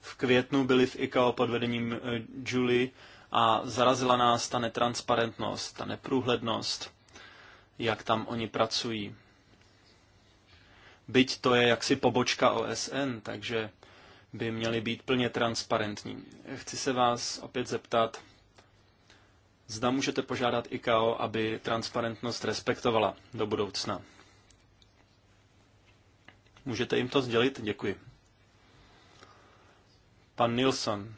v květnu byli v ICAO pod vedením eh, Julie a zarazila nás ta netransparentnost, ta neprůhlednost, jak tam oni pracují. Byť to je jaksi pobočka OSN, takže by měli být plně transparentní. Chci se vás opět zeptat, zda můžete požádat ICAO, aby transparentnost respektovala do budoucna. Můžete jim to sdělit? Děkuji. Pan Nilsson.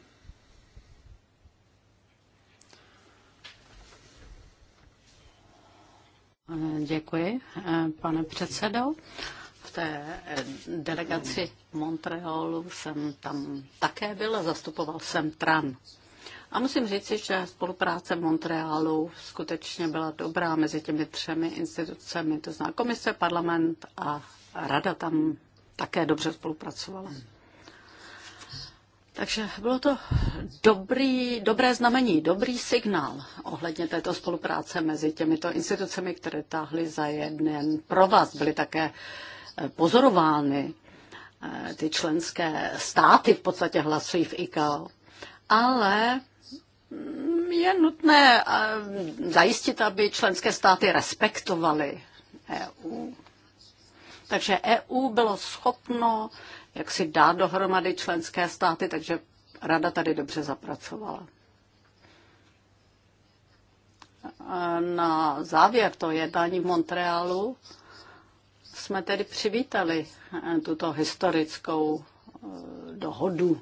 Děkuji, pane předsedo. V té delegaci Montrealu jsem tam také byl a zastupoval jsem TRAN. A musím říct, že spolupráce v Montrealu skutečně byla dobrá mezi těmi třemi institucemi, to zná komise, parlament a rada tam také dobře spolupracovala. Takže bylo to dobrý, dobré znamení, dobrý signál ohledně této spolupráce mezi těmito institucemi, které táhly za jeden pro vás. Byly také eh, pozorovány eh, ty členské státy, v podstatě hlasují v ICAO. Ale mm, je nutné eh, zajistit, aby členské státy respektovaly EU. Takže EU bylo schopno jak si dát dohromady členské státy, takže rada tady dobře zapracovala. Na závěr to jednání v Montrealu jsme tedy přivítali eh, tuto historickou eh, dohodu.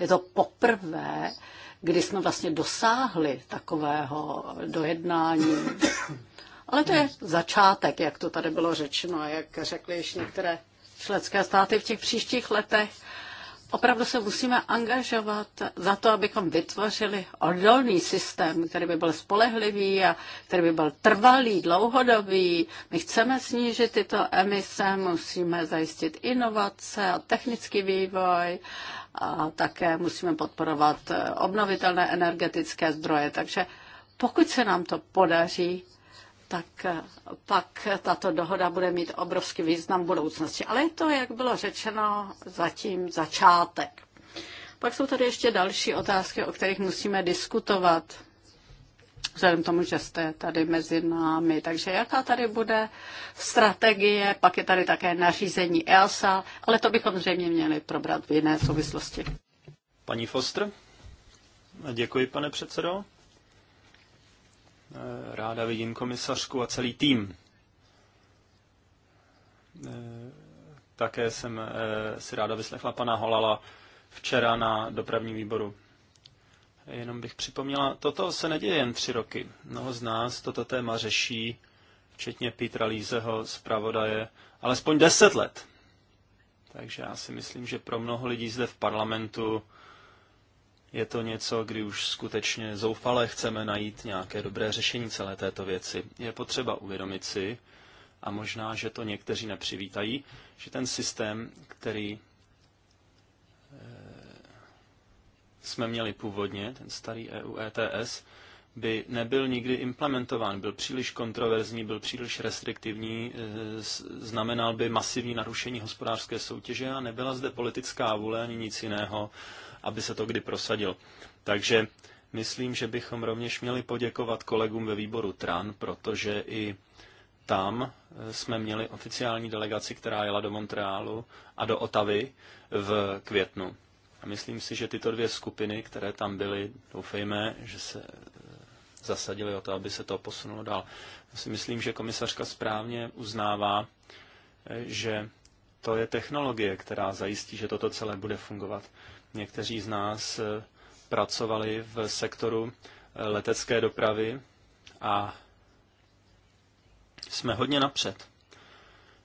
Je to poprvé, kdy jsme vlastně dosáhli takového dojednání. Ale to je začátek, jak to tady bylo řečeno, jak řekly již některé členské státy v těch příštích letech. Opravdu se musíme angažovat za to, abychom vytvořili odolný systém, který by byl spolehlivý a který by byl trvalý, dlouhodobý. My chceme snížit tyto emise, musíme zajistit inovace a technický vývoj a také musíme podporovat obnovitelné energetické zdroje. Takže pokud se nám to podaří, tak pak tato dohoda bude mít obrovský význam v budoucnosti. Ale je to, jak bylo řečeno, zatím začátek. Pak jsou tady ještě další otázky, o kterých musíme diskutovat, vzhledem tomu, že jste tady mezi námi. Takže jaká tady bude strategie, pak je tady také nařízení ELSA, ale to bychom zřejmě měli probrat v jiné souvislosti. Paní Foster, děkuji, pane předsedo. Eh, ráda vidím komisařku a celý tým. Eh, také jsem eh, si ráda vyslechla pana Holala včera na dopravním výboru. Jenom bych připomněla, toto se neděje jen tři roky. Mnoho z nás toto téma řeší, včetně Petra Lízeho, zpravodaje, alespoň deset let. Takže já si myslím, že pro mnoho lidí zde v parlamentu je to něco, kdy už skutečně zoufale chceme najít nějaké dobré řešení celé této věci. Je potřeba uvědomit si, a možná, že to někteří nepřivítají, že ten systém, který eh, jsme měli původně, ten starý EU ETS, by nebyl nikdy implementován, byl příliš kontroverzní, byl příliš restriktivní, eh, znamenal by masivní narušení hospodářské soutěže a nebyla zde politická vůle ani nic jiného, aby se to kdy prosadil. Takže myslím, že bychom rovněž měli poděkovat kolegům ve výboru TRAN, protože i tam eh, jsme měli oficiální delegaci, která jela do Montrealu a do Otavy v květnu. A myslím si, že tyto dvě skupiny, které tam byly, doufejme, že se eh, zasadili o to, aby se to posunulo dál. Já si myslím, že komisařka správně uznává, eh, že to je technologie, která zajistí, že toto celé bude fungovat. Někteří z nás eh, pracovali v sektoru eh, letecké dopravy a jsme hodně napřed.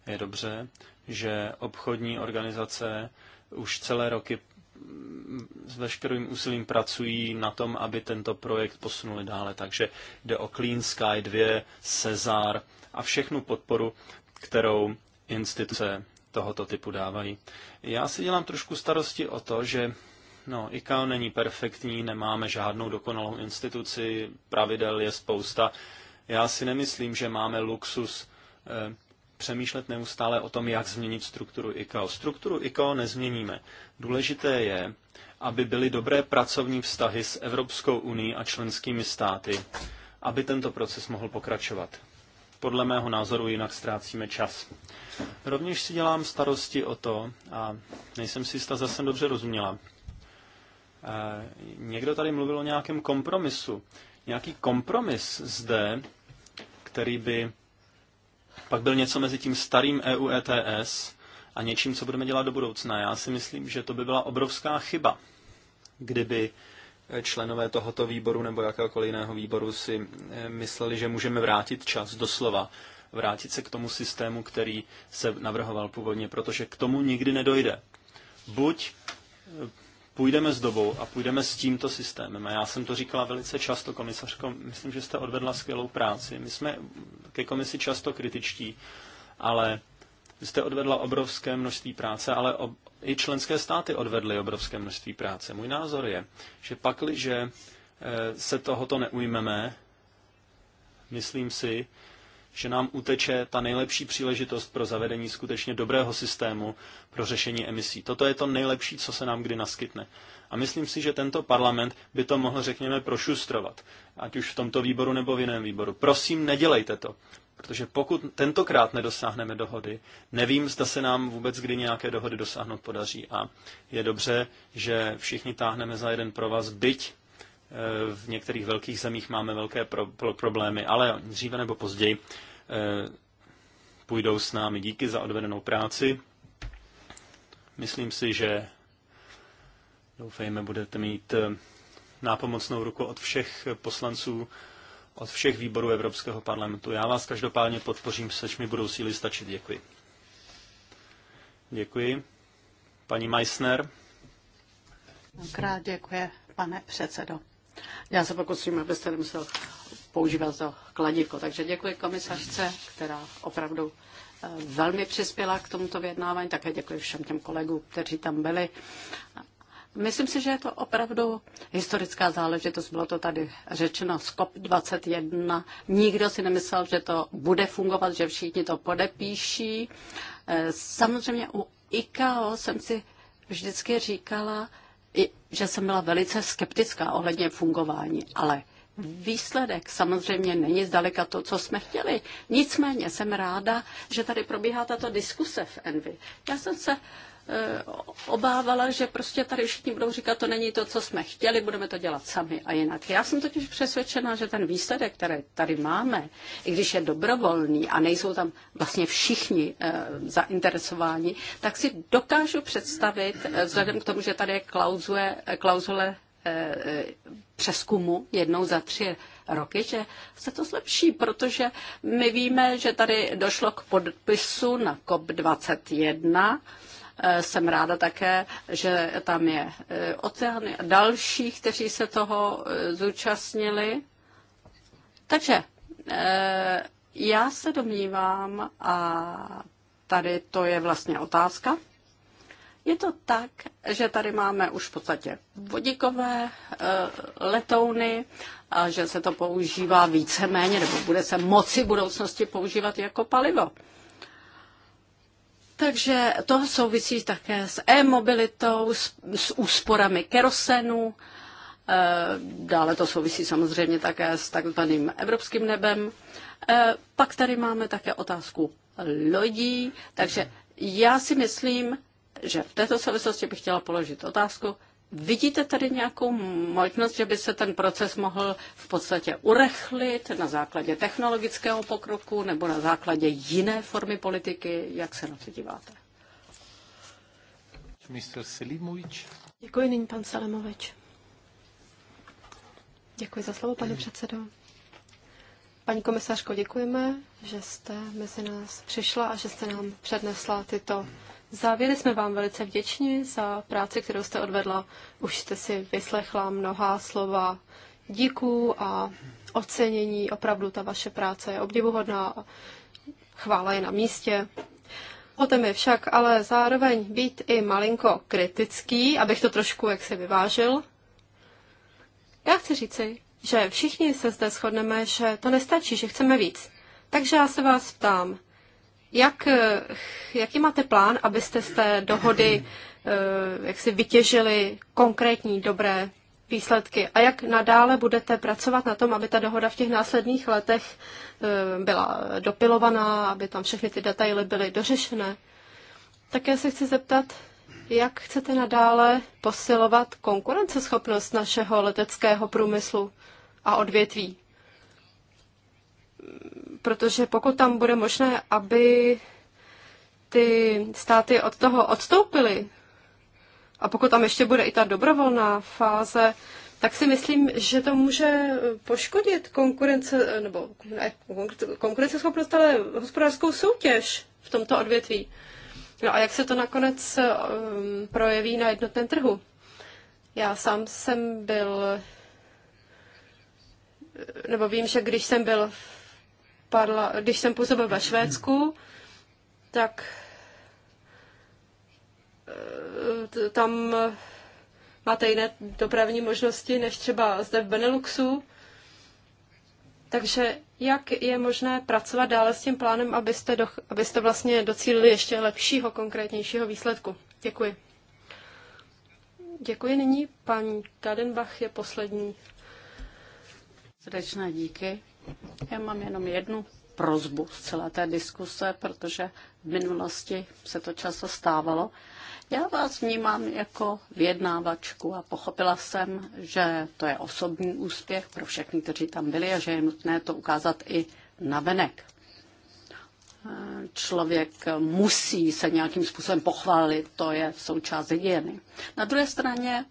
Je dobře, že obchodní organizace už celé roky mm, s veškerým úsilím pracují na tom, aby tento projekt posunuli dále. Takže jde o Clean Sky 2, Cezar a všechnu podporu, kterou instituce tohoto typu dávají. Já si dělám trošku starosti o to, že No, ICAO není perfektní, nemáme žádnou dokonalou instituci, pravidel je spousta. Já si nemyslím, že máme luxus e, přemýšlet neustále o tom, jak změnit strukturu ICAO. Strukturu ICAO nezměníme. Důležité je, aby byly dobré pracovní vztahy s Evropskou unii a členskými státy, aby tento proces mohl pokračovat. Podle mého názoru jinak ztrácíme čas. Rovněž si dělám starosti o to, a nejsem si jistá, zase dobře rozuměla. E, někdo tady mluvil o nějakém kompromisu. Nějaký kompromis zde, který by pak byl něco mezi tím starým EU ETS a něčím, co budeme dělat do budoucna. Já si myslím, že to by byla obrovská chyba, kdyby členové tohoto výboru nebo jakéhokoliv jiného výboru si eh, mysleli, že můžeme vrátit čas doslova, vrátit se k tomu systému, který se navrhoval původně, protože k tomu nikdy nedojde. Buď eh, půjdeme s dobou a půjdeme s tímto systémem. A já jsem to říkala velice často, komisařko, myslím, že jste odvedla skvělou práci. My jsme ke komisi často kritičtí, ale jste odvedla obrovské množství práce, ale i členské státy odvedly obrovské množství práce. Můj názor je, že pakliže eh, se tohoto neujmeme, myslím si, že nám uteče ta nejlepší příležitost pro zavedení skutečně dobrého systému pro řešení emisí. Toto je to nejlepší, co se nám kdy naskytne. A myslím si, že tento parlament by to mohl, řekněme, prošustrovat, ať už v tomto výboru nebo v jiném výboru. Prosím, nedělejte to. Protože pokud tentokrát nedosáhneme dohody, nevím, zda se nám vůbec kdy nějaké dohody dosáhnout podaří. A je dobře, že všichni táhneme za jeden pro vás byť e, v některých velkých zemích máme velké pro, pro, problémy, ale dříve nebo později e, půjdou s námi. Díky za odvedenou práci. Myslím si, že doufejme, budete mít e, nápomocnou ruku od všech poslanců od všech výborů Evropského parlamentu. Já vás každopádně podpořím, seč mi budou síly stačit. Děkuji. Děkuji. Paní Meissner. Krát děkuji, pane předsedo. Já se pokusím, abyste nemusel používat to kladivko. Takže děkuji komisařce, která opravdu eh, velmi přispěla k tomuto vyjednávání. Také děkuji všem těm kolegům, kteří tam byli Myslím si, že je to opravdu historická záležitost. Bylo to tady řečeno z COP21. Nikdo si nemyslel, že to bude fungovat, že všichni to podepíší. Eh, samozřejmě u ICAO jsem si vždycky říkala, že jsem byla velice skeptická ohledně fungování, ale výsledek samozřejmě není zdaleka to, co jsme chtěli. Nicméně jsem ráda, že tady probíhá tato diskuse v Envy. Já jsem se Eh, obávala, že prostě tady všichni budou říkat, to není to, co jsme chtěli, budeme to dělat sami a jinak. Já jsem totiž přesvědčena, že ten výsledek, který tady máme, i když je dobrovolný a nejsou tam vlastně všichni e, zainteresováni, tak si dokážu představit, e, vzhledem k tomu, že tady je klauzule, klauzule e, přeskumu jednou za tři roky, že se to zlepší, protože my víme, že tady došlo k podpisu na COP21 Eh, jsem ráda také, že tam je eh, oceány a další, kteří se toho eh, zúčastnili. Takže já se domnívám, a tady to je vlastně otázka, je to tak, že tady máme už v podstatě vodíkové letouny a že se to používá víceméně, nebo bude se moci v budoucnosti používat jako palivo. Takže to souvisí také s e-mobilitou, s, s úsporami kerosenu, e, dále to souvisí samozřejmě také s takzvaným evropským nebem. E, pak tady máme také otázku lodí, takže já si myslím, že v této souvislosti bych chtěla položit otázku, Vidíte tady nějakou možnost, že by se ten proces mohl v podstatě urechlit na základě technologického pokroku nebo na základě jiné formy politiky? Jak se na to díváte? Mr. Selimovič. Děkuji, nyní pan Selimovič. Děkuji za slovo, pane předsedo. Paní komisařko, děkujeme, že jste mezi nás přišla a že jste nám přednesla tyto Závěry jsme vám velice vděční za práci, kterou jste odvedla. Už jste si vyslechla mnoha slova díků a ocenění. Opravdu ta vaše práce je obdivuhodná a chvála je na místě. Potom je však ale zároveň být i malinko kritický, abych to trošku jak se vyvážil. Já chci říci, že všichni se zde shodneme, že to nestačí, že chceme víc. Takže já se vás ptám, jak, eh, jaký máte plán, abyste z té dohody eh, jak si vytěžili konkrétní dobré výsledky a jak nadále budete pracovat na tom, aby ta dohoda v těch následných letech eh, byla dopilovaná, aby tam všechny ty detaily byly dořešené. já se chci zeptat, jak chcete nadále posilovat konkurenceschopnost našeho leteckého průmyslu a odvětví protože pokud tam bude možné, aby ty státy od toho odstoupily, a pokud tam ještě bude i ta dobrovolná fáze, tak si myslím, že to může poškodit konkurence, nebo ne, konkurenceschopnost, ale hospodářskou soutěž v tomto odvětví. No a jak se to nakonec um, projeví na jednotném trhu? Já sám jsem byl, nebo vím, že když jsem byl parla, když jsem působil ve Švédsku, tak eh, tam máte jiné dopravní možnosti než třeba zde v Beneluxu. Takže jak je možné pracovat dále s tím plánem, abyste, do, abyste vlastně docílili ještě lepšího, konkrétnějšího výsledku? Děkuji. Děkuji. Nyní paní Kadenbach je poslední. Srdečné díky. Já mám jenom jednu prozbu z celé té diskuse, protože v minulosti se to často stávalo. Já vás vnímám jako vyjednávačku a pochopila jsem, že to je osobní úspěch pro všechny, kteří tam byli a že je nutné to ukázat i na venek. Člověk musí se nějakým způsobem pochválit, to je součást hygieny. Na druhé straně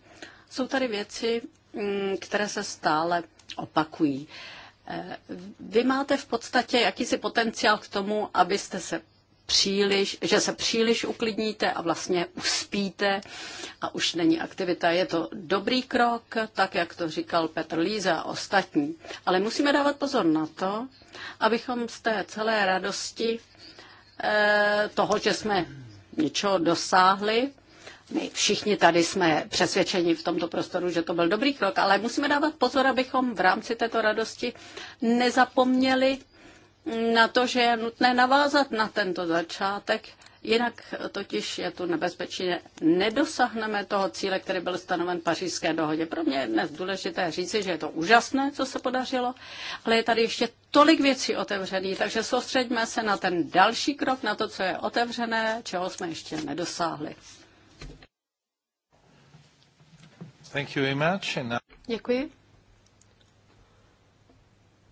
jsou tady věci, mm, které se stále opakují. Vy máte v podstatě jakýsi potenciál k tomu, abyste se příliš, že se příliš uklidníte a vlastně uspíte a už není aktivita. Je to dobrý krok, tak jak to říkal Petr Líza a ostatní. Ale musíme dávat pozor na to, abychom z té celé radosti eh, toho, že jsme něčeho dosáhli, my všichni tady jsme přesvědčeni v tomto prostoru, že to byl dobrý krok, ale musíme dávat pozor, abychom v rámci této radosti nezapomněli na to, že je nutné navázat na tento začátek, jinak totiž je tu nebezpečí, nedosáhneme toho cíle, který byl stanoven pařížské dohodě. Pro mě je dnes důležité říci, že je to úžasné, co se podařilo, ale je tady ještě tolik věcí otevřených, takže soustředíme se na ten další krok, na to, co je otevřené, čeho jsme ještě nedosáhli. Thank you very much. And now... Děkuji.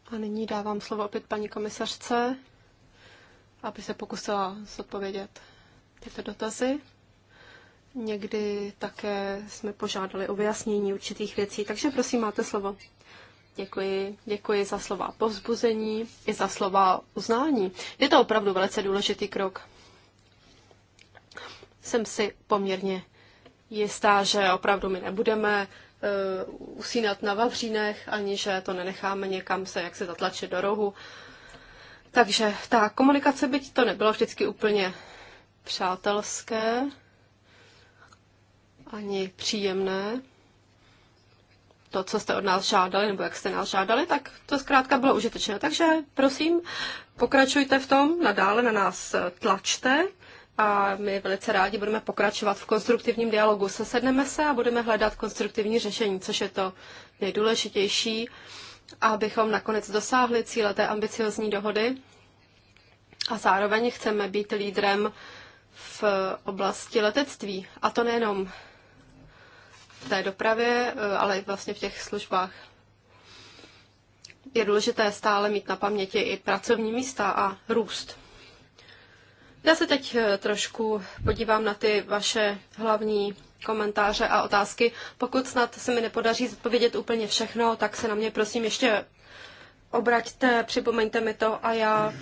A nyní dávám slovo opět paní komisařce, aby se pokusila zodpovědět tyto dotazy. Někdy také jsme požádali o vyjasnění určitých věcí, takže prosím, máte slovo. Děkuji, děkuji za slova povzbuzení i za slova uznání. Je to opravdu velice důležitý krok. Jsem si poměrně jistá, že opravdu my nebudeme eh, usínat na vavřínech, ani že to nenecháme někam se jak se zatlačit do rohu. Takže ta komunikace, byť to nebylo vždycky úplně přátelské, ani příjemné, to, co jste od nás žádali, nebo jak jste nás žádali, tak to zkrátka bylo užitečné. Takže prosím, pokračujte v tom, nadále na nás tlačte a my velice rádi budeme pokračovat v konstruktivním dialogu. Sesedneme se a budeme hledat konstruktivní řešení, což je to nejdůležitější, abychom nakonec dosáhli cíle té ambiciozní dohody a zároveň chceme být lídrem v oblasti letectví. A to nejenom v té dopravě, eh, ale i vlastně v těch službách. Je důležité stále mít na paměti i pracovní místa a růst. Já se teď eh, trošku podívám na ty vaše hlavní komentáře a otázky. Pokud snad se mi nepodaří zodpovědět úplně všechno, tak se na mě prosím ještě obraťte, připomeňte mi to a já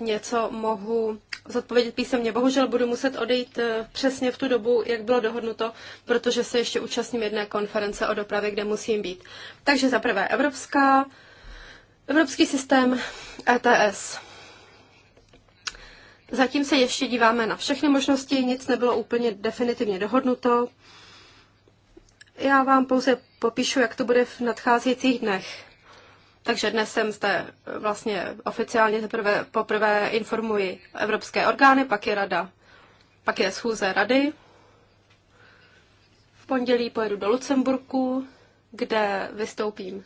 něco mohu zodpovědět písemně. Bohužel budu muset odejít eh, přesně v tu dobu, jak bylo dohodnuto, protože se ještě účastním jedné konference o dopravě, kde musím být. Takže za prvé Evropská, Evropský systém ETS. Zatím se ještě díváme na všechny možnosti, nic nebylo úplně definitivně dohodnuto. Já vám pouze popíšu, jak to bude v nadcházejících dnech. Takže dnes jsem zde eh, vlastně oficiálně teprve poprvé informuji evropské orgány, pak je rada, pak je schůze rady. V pondělí pojedu do Lucemburku, kde vystoupím um,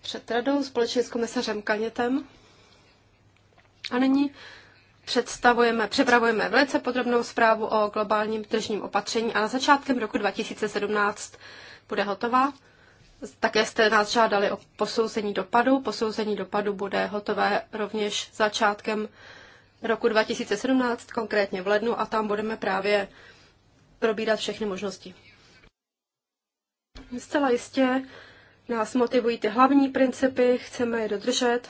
před radou společně s komisařem Kanětem. A nyní představujeme, připravujeme velice podrobnou zprávu o globálním tržním opatření a na začátkem roku 2017 bude hotová. Také jste nás žádali o posouzení dopadu. Posouzení dopadu bude hotové rovněž začátkem roku 2017, konkrétně v lednu, a tam budeme právě probírat všechny možnosti. Zcela jistě nás motivují ty hlavní principy, chceme je dodržet,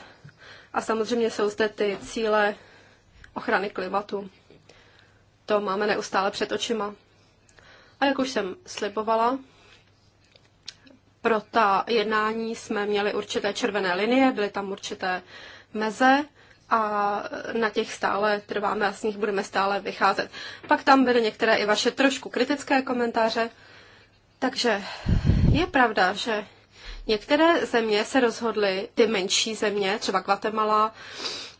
a samozřejmě jsou zde ty cíle ochrany klimatu. To máme neustále před očima. A jak už jsem slibovala, pro ta jednání jsme měli určité červené linie, byly tam určité meze a na těch stále trváme a z nich budeme stále vycházet. Pak tam byly některé i vaše trošku kritické komentáře, takže je pravda, že Některé země se rozhodly, ty menší země, třeba Guatemala,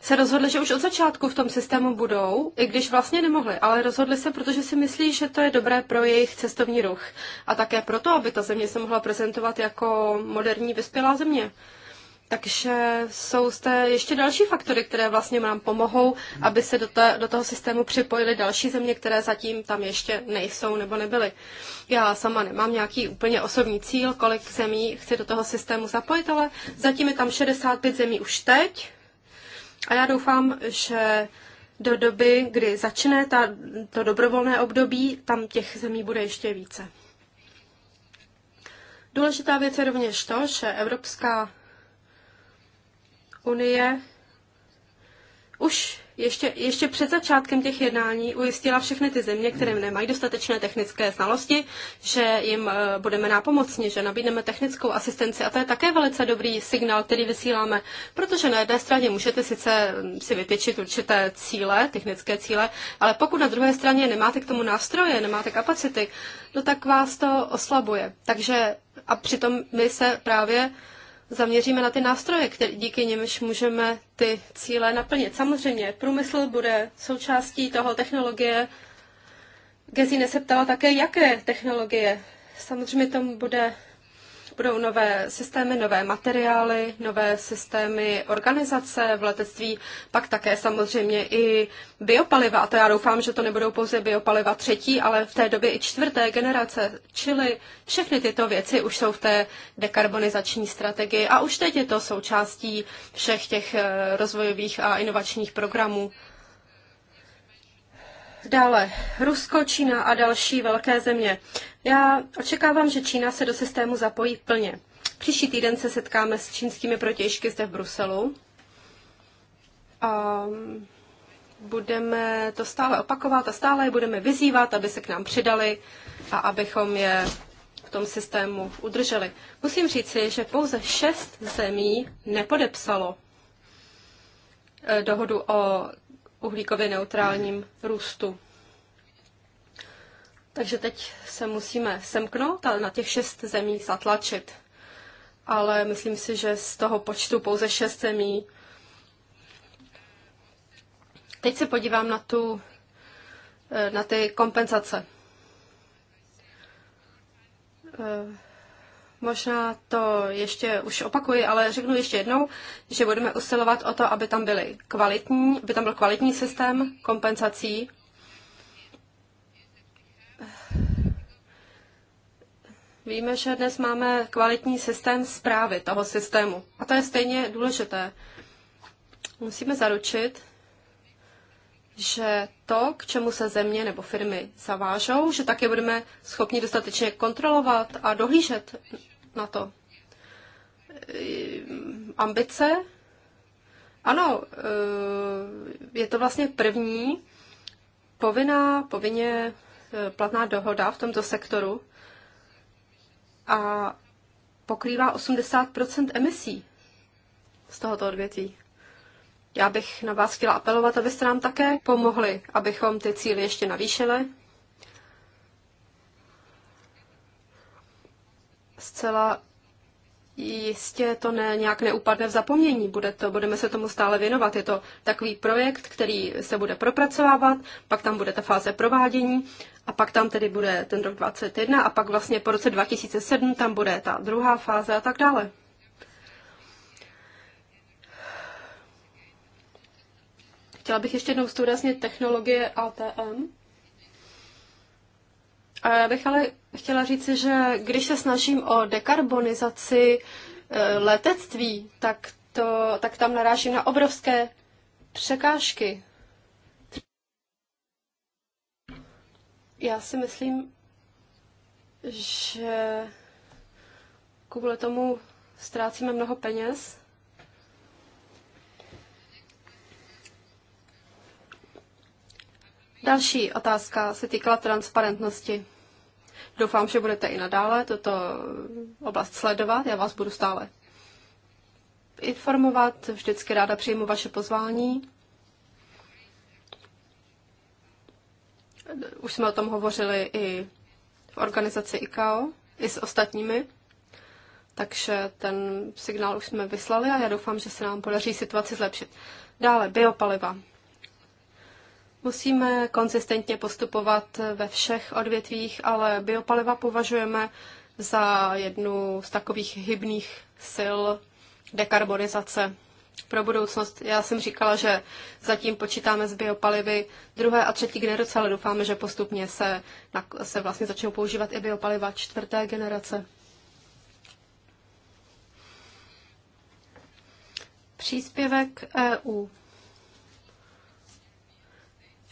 se rozhodly, že už od začátku v tom systému budou, i když vlastně nemohly, ale rozhodly se, protože si myslí, že to je dobré pro jejich cestovní ruch. A také proto, aby ta země se mohla prezentovat jako moderní vyspělá země. Takže jsou zde ještě další faktory, které vlastně nám pomohou, aby se do, té, do toho systému připojily další země, které zatím tam ještě nejsou nebo nebyly. Já sama nemám nějaký úplně osobní cíl, kolik zemí chci do toho systému zapojit, ale zatím je tam 65 zemí už teď. A já doufám, že do doby, kdy začne ta, to dobrovolné období, tam těch zemí bude ještě více. Důležitá věc je rovněž to, že Evropská unie už ještě, ještě před začátkem těch jednání ujistila všechny ty země, které nemají dostatečné technické znalosti, že jim eh, budeme nápomocni, že nabídneme technickou asistenci. A to je také velice dobrý signál, který vysíláme, protože na jedné straně můžete sice hm, si vypěčit určité cíle, technické cíle, ale pokud na druhé straně nemáte k tomu nástroje, nemáte kapacity, no tak vás to oslabuje. Takže a přitom my se právě zaměříme na ty nástroje, který, díky nimž můžeme ty cíle naplnit. Samozřejmě průmysl bude součástí toho technologie. Gezi se ptala také, jaké technologie. Samozřejmě tomu bude Budou nové systémy, nové materiály, nové systémy organizace v letectví, pak také samozřejmě i biopaliva. A to já doufám, že to nebudou pouze biopaliva třetí, ale v té době i čtvrté generace. Čili všechny tyto věci už jsou v té dekarbonizační strategii a už teď je to součástí všech těch eh, rozvojových a inovačních programů. Dále Rusko, Čína a další velké země. Já očekávám, že Čína se do systému zapojí plně. Příští týden se setkáme s čínskými protějšky zde v Bruselu. A ehm, budeme to stále opakovat a stále je budeme vyzývat, aby se k nám přidali a abychom je v tom systému udrželi. Musím říci, že pouze šest zemí nepodepsalo eh, dohodu o uhlíkově neutrálním růstu. Takže teď se musíme semknout a na těch šest zemí zatlačit. Ale myslím si, že z toho počtu pouze šest zemí. Teď se podívám na, tu, eh, na ty kompenzace eh, Možná to ještě už opakuji, ale řeknu ještě jednou, že budeme usilovat o to, aby tam, byly kvalitní, aby tam byl kvalitní systém kompenzací. Víme, že dnes máme kvalitní systém zprávy toho systému. A to je stejně důležité. Musíme zaručit, že to, k čemu se země nebo firmy zavážou, že také budeme schopni dostatečně kontrolovat a dohlížet na to. Eh, ambice? Ano, eh, je to vlastně první povinná, povinně eh, platná dohoda v tomto sektoru a pokrývá 80 emisí z tohoto odvětví. Já bych na vás chtěla apelovat, abyste nám také pomohli, abychom ty cíly ještě navýšili zcela jistě to ne, nějak neupadne v zapomnění. Bude to, budeme se tomu stále věnovat. Je to takový projekt, který se bude propracovávat, pak tam bude ta fáze provádění a pak tam tedy bude ten rok 2021 a pak vlastně po roce 2007 tam bude ta druhá fáze a tak dále. Chtěla bych ještě jednou zdůraznit technologie ATM. A já bych ale chtěla říci, že když se snažím o dekarbonizaci eh, letectví, tak, to, tak tam narážím na obrovské překážky. Já si myslím, že kvůli tomu ztrácíme mnoho peněz. Další otázka se týkala transparentnosti. Doufám, že budete i nadále toto oblast sledovat. Já vás budu stále informovat. Vždycky ráda přijmu vaše pozvání. Už jsme o tom hovořili i v organizaci ICAO, i s ostatními. Takže ten signál už jsme vyslali a já doufám, že se nám podaří situaci zlepšit. Dále biopaliva. Musíme konzistentně postupovat ve všech odvětvích, ale biopaliva považujeme za jednu z takových hybných sil dekarbonizace pro budoucnost. Já jsem říkala, že zatím počítáme z biopalivy druhé a třetí generace, ale doufáme, že postupně se, se vlastně začnou používat i biopaliva čtvrté generace. Příspěvek EU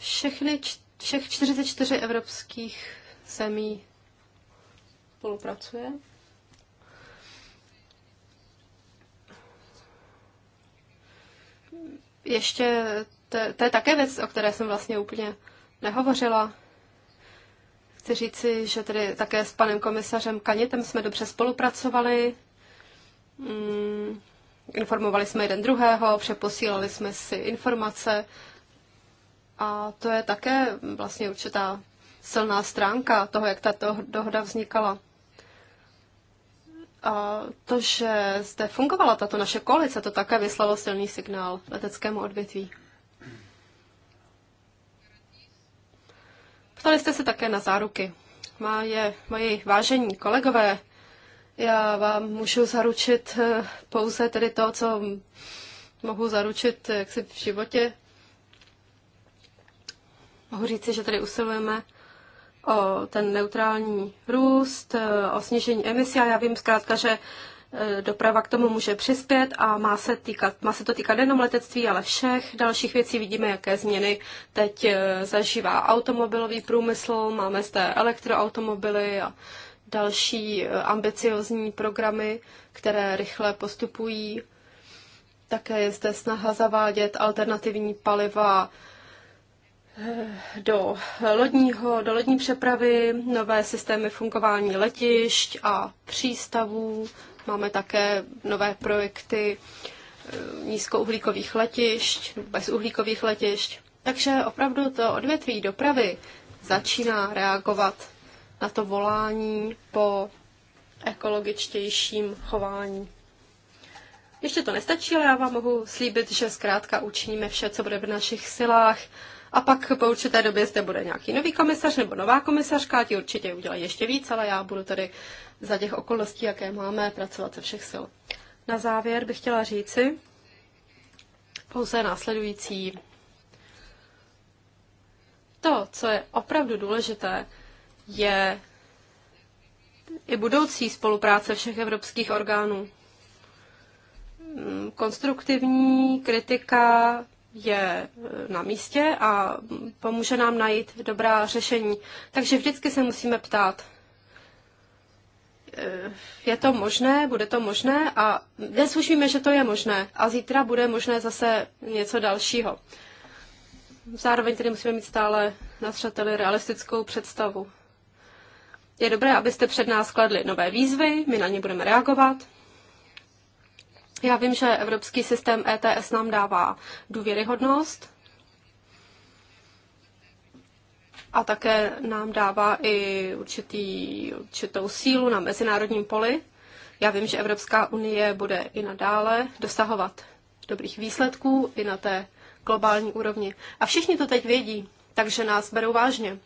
všechny, všech 44 evropských zemí spolupracuje. Ještě to, to je také věc, o které jsem vlastně úplně nehovořila. Chci říci, že tedy také s panem komisařem Kanětem jsme dobře spolupracovali. Mm, informovali jsme jeden druhého, přeposílali jsme si informace. A to je také vlastně určitá silná stránka toho, jak tato dohoda vznikala. A to, že zde fungovala tato naše koalice, to také vyslalo silný signál leteckému odvětví. Ptali jste se také na záruky. Má je, moji vážení kolegové, já vám můžu zaručit eh, pouze tedy to, co mohu zaručit eh, jaksi v životě mohu říci, že tady usilujeme o ten neutrální růst, eh, o snížení emisí a já vím zkrátka, že eh, doprava k tomu může přispět a má se, týkat, má se to týkat jenom letectví, ale všech dalších věcí. Vidíme, jaké změny teď eh, zažívá automobilový průmysl, máme zde elektroautomobily a další ambiciozní programy, které rychle postupují. Také je zde snaha zavádět alternativní paliva do, lodního, do lodní přepravy, nové systémy fungování letišť a přístavů. Máme také nové projekty eh, nízkouhlíkových letišť, bezuhlíkových letišť. Takže opravdu to odvětví dopravy začíná reagovat na to volání po ekologičtějším chování. Ještě to nestačí, ale já vám mohu slíbit, že zkrátka učiníme vše, co bude v našich silách, a pak po určité době zde bude nějaký nový komisař nebo nová komisařka, ti určitě udělají ještě víc, ale já budu tady za těch okolností, jaké máme, pracovat ze všech sil. Na závěr bych chtěla říci pouze následující. To, co je opravdu důležité, je i budoucí spolupráce všech evropských orgánů. Mm, konstruktivní kritika je eh, na místě a pomůže nám najít dobrá řešení. Takže vždycky se musíme ptát, eh, je to možné, bude to možné a dnes už víme, že to je možné a zítra bude možné zase něco dalšího. Zároveň tedy musíme mít stále na zřeteli realistickou představu. Je dobré, abyste před nás kladli nové výzvy, my na ně budeme reagovat, já vím, že evropský systém ETS nám dává důvěryhodnost a také nám dává i určitý, určitou sílu na mezinárodním poli. Já vím, že Evropská unie bude i nadále dosahovat dobrých výsledků i na té globální úrovni. A všichni to teď vědí, takže nás berou vážně.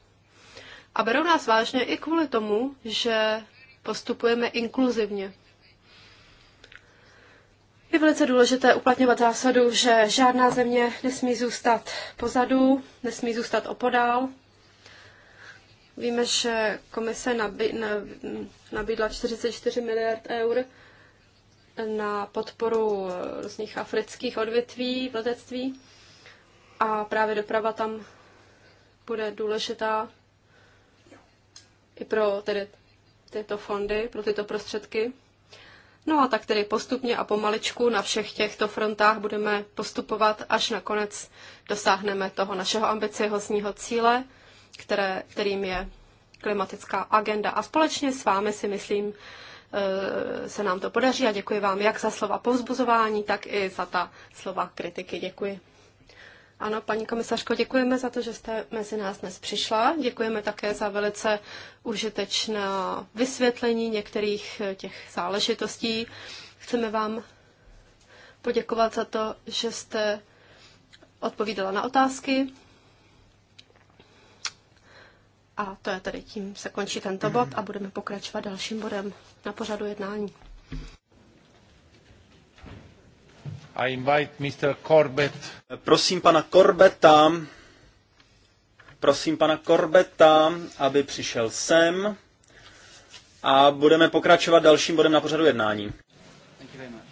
A berou nás vážně i kvůli tomu, že postupujeme inkluzivně. Je velice důležité uplatňovat zásadu, že žádná země nesmí zůstat pozadu, nesmí zůstat opodál. Víme, že komise nabídla 44 miliard eur na podporu různých afrických odvětví v letectví a právě doprava tam bude důležitá i pro tedy tyto fondy, pro tyto prostředky. No a tak tedy postupně a pomaličku na všech těchto frontách budeme postupovat, až nakonec dosáhneme toho našeho ambiciozního cíle, které, kterým je klimatická agenda. A společně s vámi si myslím, eh, se nám to podaří a děkuji vám jak za slova povzbuzování, tak i za ta slova kritiky. Děkuji. Ano, paní komisařko, děkujeme za to, že jste mezi nás dnes přišla. Děkujeme také za velice užitečné vysvětlení některých eh, těch záležitostí. Chceme vám poděkovat za to, že jste odpovídala na otázky. A to je tedy tím, se končí tento bod a budeme pokračovat dalším bodem na pořadu jednání. I invite Mr. Corbett. Prosím pana Corbetta, prosím pana Corbetta, aby přišel sem a budeme pokračovat dalším bodem na pořadu jednání. Thank you very much.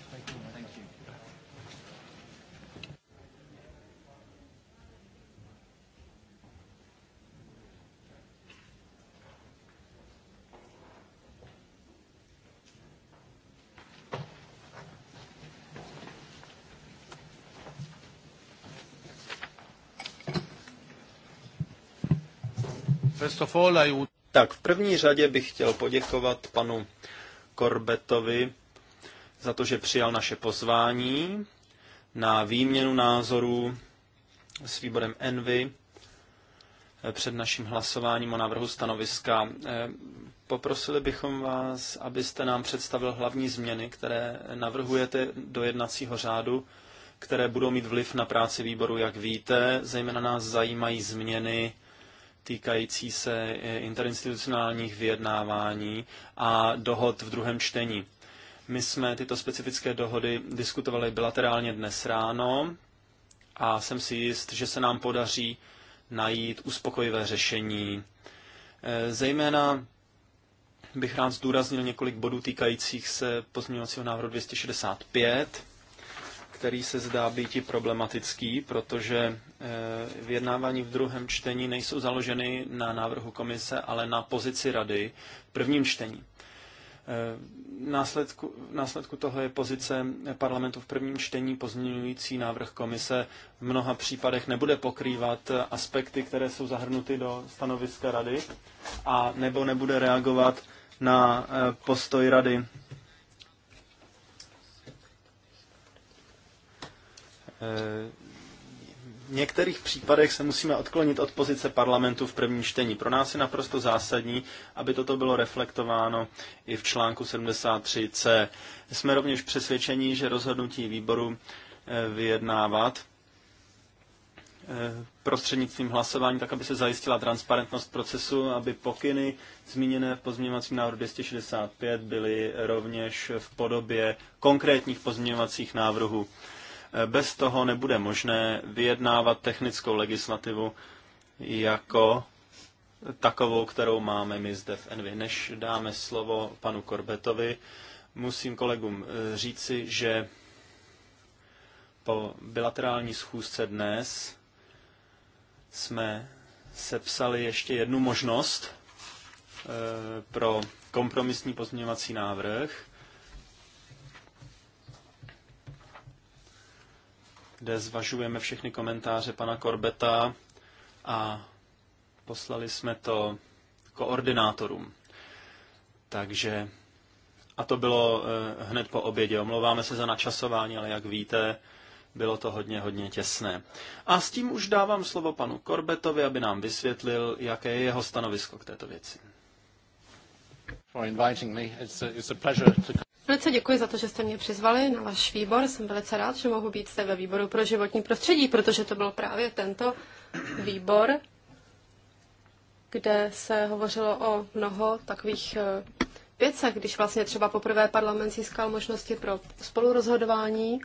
Tak v první řadě bych chtěl poděkovat panu Korbetovi za to, že přijal naše pozvání na výměnu názorů s výborem Envy před naším hlasováním o návrhu stanoviska. Poprosili bychom vás, abyste nám představil hlavní změny, které navrhujete do jednacího řádu, které budou mít vliv na práci výboru, jak víte. Zejména nás zajímají změny týkající se eh, interinstitucionálních vyjednávání a dohod v druhém čtení. My jsme tyto specifické dohody diskutovali bilaterálně dnes ráno a jsem si jist, že se nám podaří najít uspokojivé řešení. Eh, zejména bych rád zdůraznil několik bodů týkajících se pozměňovacího návrhu 265 který se zdá být i problematický, protože eh, vyjednávání v druhém čtení nejsou založeny na návrhu komise, ale na pozici rady v prvním čtení. Eh, následku, následku toho je pozice parlamentu v prvním čtení pozměňující návrh komise v mnoha případech nebude pokrývat aspekty, které jsou zahrnuty do stanoviska rady a nebo nebude reagovat na eh, postoj rady Eh, v některých případech se musíme odklonit od pozice parlamentu v prvním čtení. Pro nás je naprosto zásadní, aby toto bylo reflektováno i v článku 73c. Jsme rovněž přesvědčeni, že rozhodnutí výboru eh, vyjednávat eh, prostřednictvím hlasování, tak aby se zajistila transparentnost procesu, aby pokyny zmíněné v pozměňovacím návrhu 265 byly rovněž v podobě konkrétních pozměňovacích návrhů. Bez toho nebude možné vyjednávat technickou legislativu jako takovou, kterou máme my zde v Envy. Než dáme slovo panu Korbetovi, musím kolegům eh, říci, že po bilaterální schůzce dnes jsme sepsali ještě jednu možnost eh, pro kompromisní pozměňovací návrh. kde zvažujeme všechny komentáře pana Korbeta a poslali jsme to koordinátorům. Takže a to bylo eh, hned po obědě. Omlouváme se za načasování, ale jak víte, bylo to hodně, hodně těsné. A s tím už dávám slovo panu Korbetovi, aby nám vysvětlil, jaké je jeho stanovisko k této věci. Velice děkuji za to, že jste mě přizvali na váš výbor. Jsem velice rád, že mohu být zde ve výboru pro životní prostředí, protože to byl právě tento výbor, kde se hovořilo o mnoho takových eh, věcech, když vlastně třeba poprvé parlament získal možnosti pro spolurozhodování,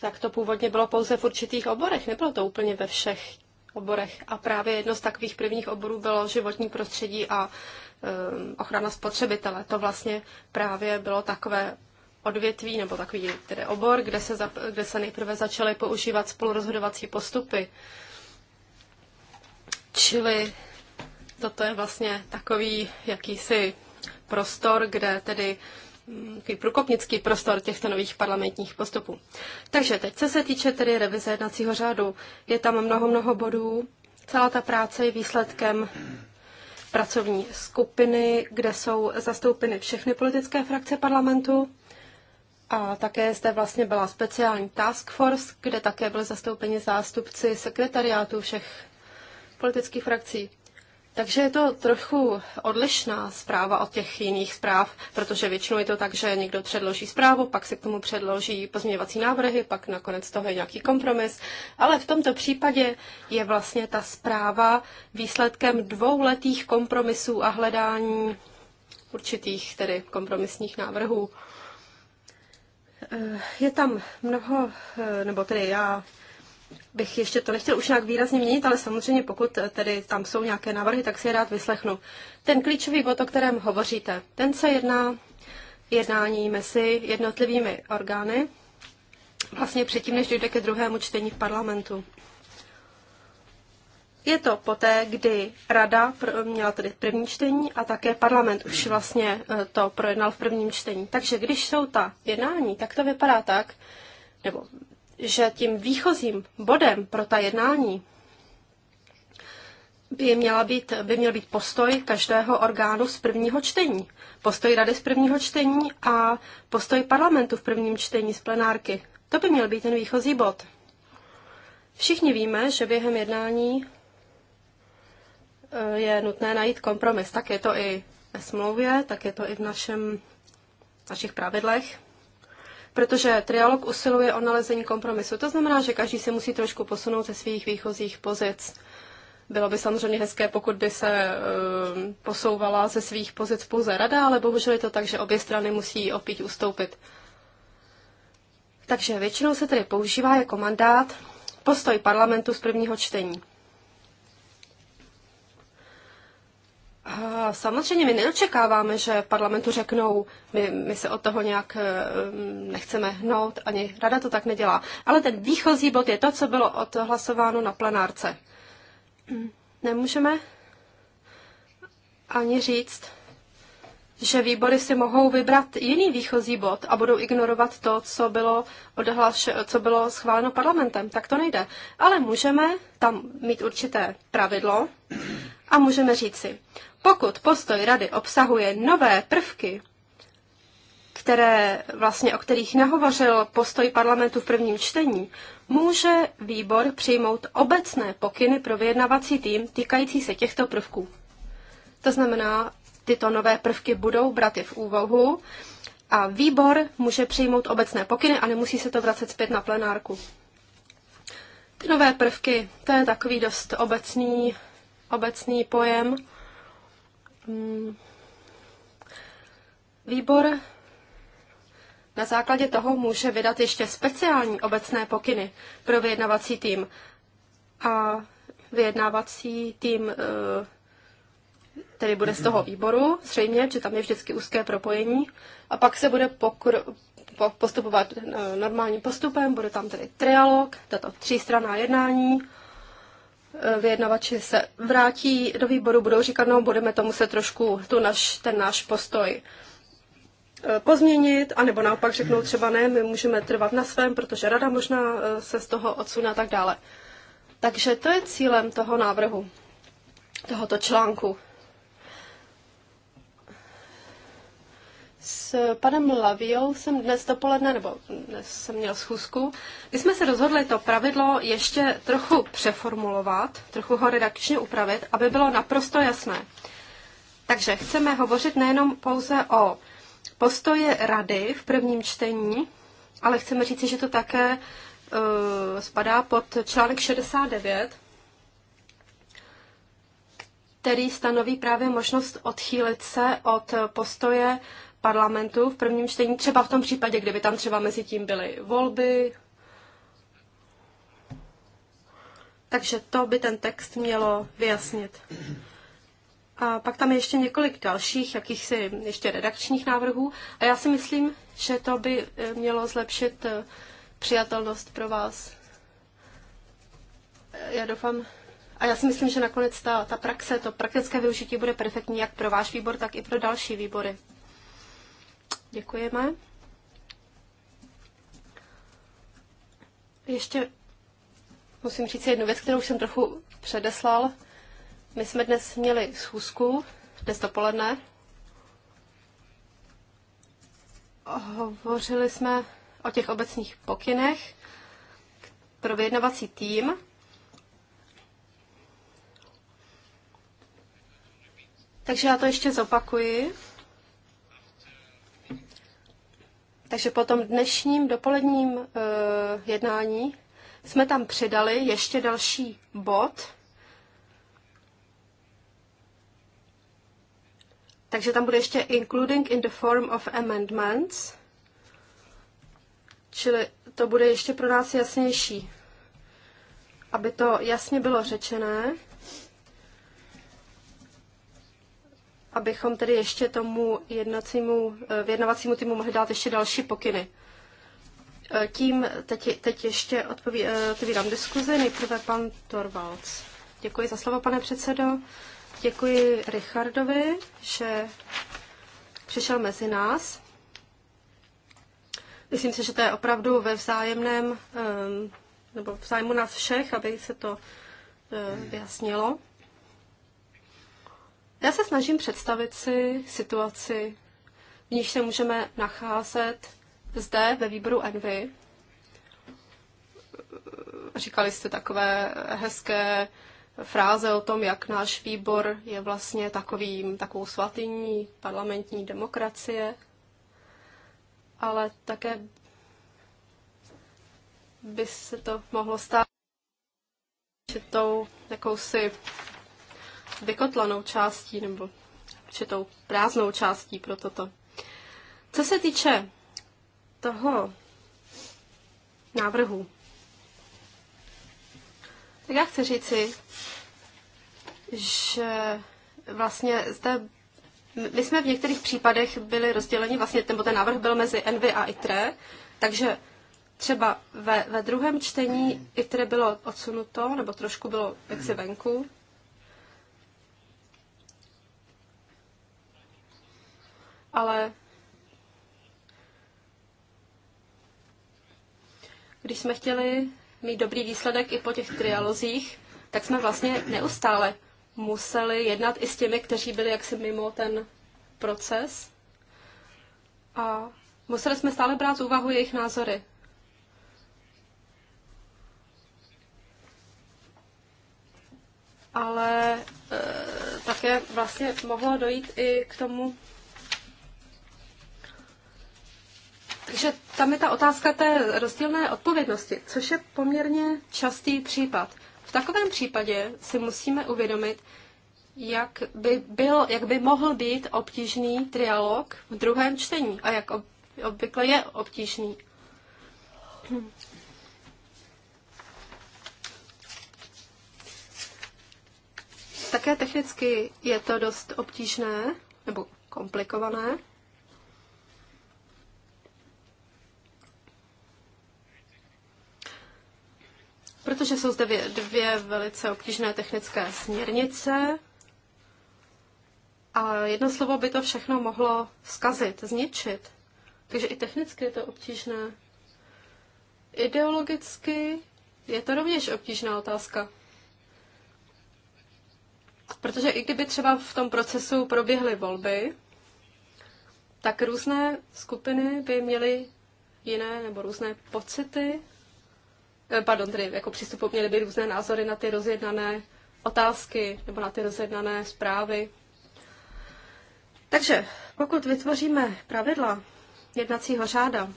tak to původně bylo pouze v určitých oborech, nebylo to úplně ve všech oborech. A právě jedno z takových prvních oborů bylo životní prostředí a um, ochrana spotřebitele. To vlastně právě bylo takové odvětví nebo takový tedy obor, kde se, zap, kde se nejprve začaly používat spolurozhodovací postupy. Čili toto je vlastně takový jakýsi prostor, kde tedy Mm, takový průkopnický prostor těchto nových parlamentních postupů. Takže teď, co se týče tedy revize jednacího řádu, je tam mnoho, mnoho bodů. Celá ta práce je výsledkem pracovní skupiny, kde jsou zastoupeny všechny politické frakce parlamentu. A také zde vlastně byla speciální task force, kde také byly zastoupeni zástupci sekretariátu všech politických frakcí. Takže je to trochu odlišná zpráva od těch jiných zpráv, protože většinou je to tak, že někdo předloží zprávu, pak se k tomu předloží pozměňovací návrhy, pak nakonec toho je nějaký kompromis. Ale v tomto případě je vlastně ta zpráva výsledkem dvouletých kompromisů a hledání určitých tedy kompromisních návrhů. Eh, je tam mnoho, eh, nebo tedy já bych ještě to nechtěl už nějak výrazně měnit, ale samozřejmě pokud tedy tam jsou nějaké návrhy, tak si je rád vyslechnu. Ten klíčový bod, o kterém hovoříte, ten se jedná jednání mezi jednotlivými orgány, vlastně předtím, než dojde ke druhému čtení v parlamentu. Je to poté, kdy rada měla tedy první čtení a také parlament už vlastně eh, to projednal v prvním čtení. Takže když jsou ta jednání, tak to vypadá tak, nebo že tím výchozím bodem pro ta jednání by, měla být, by měl být postoj každého orgánu z prvního čtení. Postoj rady z prvního čtení a postoj parlamentu v prvním čtení z plenárky. To by měl být ten výchozí bod. Všichni víme, že během jednání eh, je nutné najít kompromis. Tak je to i ve smlouvě, tak je to i v našem, našich pravidlech protože trialog usiluje o nalezení kompromisu. To znamená, že každý se musí trošku posunout ze svých výchozích pozic. Bylo by samozřejmě hezké, pokud by se e, posouvala ze svých pozic pouze rada, ale bohužel je to tak, že obě strany musí opět ustoupit. Takže většinou se tedy používá jako mandát postoj parlamentu z prvního čtení. samozřejmě my neočekáváme, že parlamentu řeknou, my, my se od toho nějak eh, mm, nechceme hnout, ani rada to tak nedělá. Ale ten výchozí bod je to, co bylo odhlasováno na plenárce. Mm, nemůžeme ani říct, že výbory si mohou vybrat jiný výchozí bod a budou ignorovat to, co bylo, odhlaš- co bylo schváleno parlamentem. Tak to nejde. Ale můžeme tam mít určité pravidlo a můžeme říci, pokud postoj rady obsahuje nové prvky, které, vlastně, o kterých nehovořil postoj parlamentu v prvním čtení, může výbor přijmout obecné pokyny pro vyjednavací tým týkající se těchto prvků. To znamená, tyto nové prvky budou braty v úvahu a výbor může přijmout obecné pokyny a nemusí se to vracet zpět na plenárku. Ty nové prvky, to je takový dost obecný, obecný pojem. Mm. Výbor na základě toho může vydat ještě speciální obecné pokyny pro vyjednavací tým. A vyjednávací tým eh, tedy bude z toho výboru, zřejmě, že tam je vždycky úzké propojení. A pak se bude pokr- postupovat eh, normálním postupem, bude tam tedy trialog, tato třístranná jednání Eh, vyjednavači se vrátí do výboru, budou říkat, no budeme tomu se trošku tu naš, ten náš postoj eh, pozměnit, anebo naopak řeknou třeba ne, my můžeme trvat na svém, protože rada možná eh, se z toho odsune a tak dále. Takže to je cílem toho návrhu, tohoto článku. S panem Laviou jsem dnes dopoledne, nebo dnes jsem měl schůzku, my jsme se rozhodli to pravidlo ještě trochu přeformulovat, trochu ho redakčně upravit, aby bylo naprosto jasné. Takže chceme hovořit nejenom pouze o postoje rady v prvním čtení, ale chceme říci, že to také uh, spadá pod článek 69, který stanoví právě možnost odchýlit se od postoje parlamentu v prvním čtení, třeba v tom případě, kdyby tam třeba mezi tím byly volby. Takže to by ten text mělo vyjasnit. A pak tam je ještě několik dalších, jakýchsi ještě redakčních návrhů. A já si myslím, že to by eh, mělo zlepšit eh, přijatelnost pro vás. Eh, já doufám, a já si myslím, že nakonec ta, ta praxe, to praktické využití bude perfektní jak pro váš výbor, tak i pro další výbory. Děkujeme. Ještě musím říct jednu věc, kterou jsem trochu předeslal. My jsme dnes měli schůzku, dnes dopoledne. Hovořili jsme o těch obecných pokynech pro vyjednavací tým. Takže já to ještě zopakuji. Takže po tom dnešním dopoledním uh, jednání jsme tam přidali ještě další bod. Takže tam bude ještě including in the form of amendments. Čili to bude ještě pro nás jasnější, aby to jasně bylo řečené. abychom tedy ještě tomu jednacímu, eh, vyjednavacímu týmu mohli dát ještě další pokyny. Eh, tím teď, teď ještě odpoví, eh, otevírám diskuzi. Nejprve pan Torvalds. Děkuji za slovo, pane předsedo. Děkuji Richardovi, že přišel mezi nás. Myslím si, že to je opravdu ve vzájemném, nebo v zájmu nás všech, aby se to vyjasnilo. Já se snažím představit si situaci, v níž se můžeme nacházet zde ve výboru Envy. Říkali jste takové hezké fráze o tom, jak náš výbor je vlastně takovým, takovou svatyní parlamentní demokracie, ale také by se to mohlo stát že tou jakousi vykotlanou částí nebo určitou prázdnou částí pro toto. Co se týče toho návrhu, tak já chci říci, že vlastně zde my jsme v některých případech byli rozděleni, vlastně ten, ten návrh byl mezi Envy a ITRE, takže třeba ve, ve druhém čtení ITRE bylo odsunuto, nebo trošku bylo jaksi venku, ale když jsme chtěli mít dobrý výsledek i po těch trialozích, tak jsme vlastně neustále museli jednat i s těmi, kteří byli jaksi mimo ten proces. A museli jsme stále brát v úvahu jejich názory. Ale e, také vlastně mohlo dojít i k tomu Takže tam je ta otázka té rozdílné odpovědnosti, což je poměrně častý případ. V takovém případě si musíme uvědomit, jak by, byl, jak by mohl být obtížný trialog v druhém čtení a jak ob, obvykle je obtížný. Také technicky je to dost obtížné nebo komplikované. protože jsou zde dvě velice obtížné technické směrnice a jedno slovo by to všechno mohlo zkazit, zničit. Takže i technicky je to obtížné. Ideologicky je to rovněž obtížná otázka. Protože i kdyby třeba v tom procesu proběhly volby, tak různé skupiny by měly jiné nebo různé pocity Eh, pardon, tedy jako přístupu měly by různé názory na ty rozjednané otázky nebo na ty rozjednané zprávy. Takže pokud vytvoříme pravidla jednacího řáda,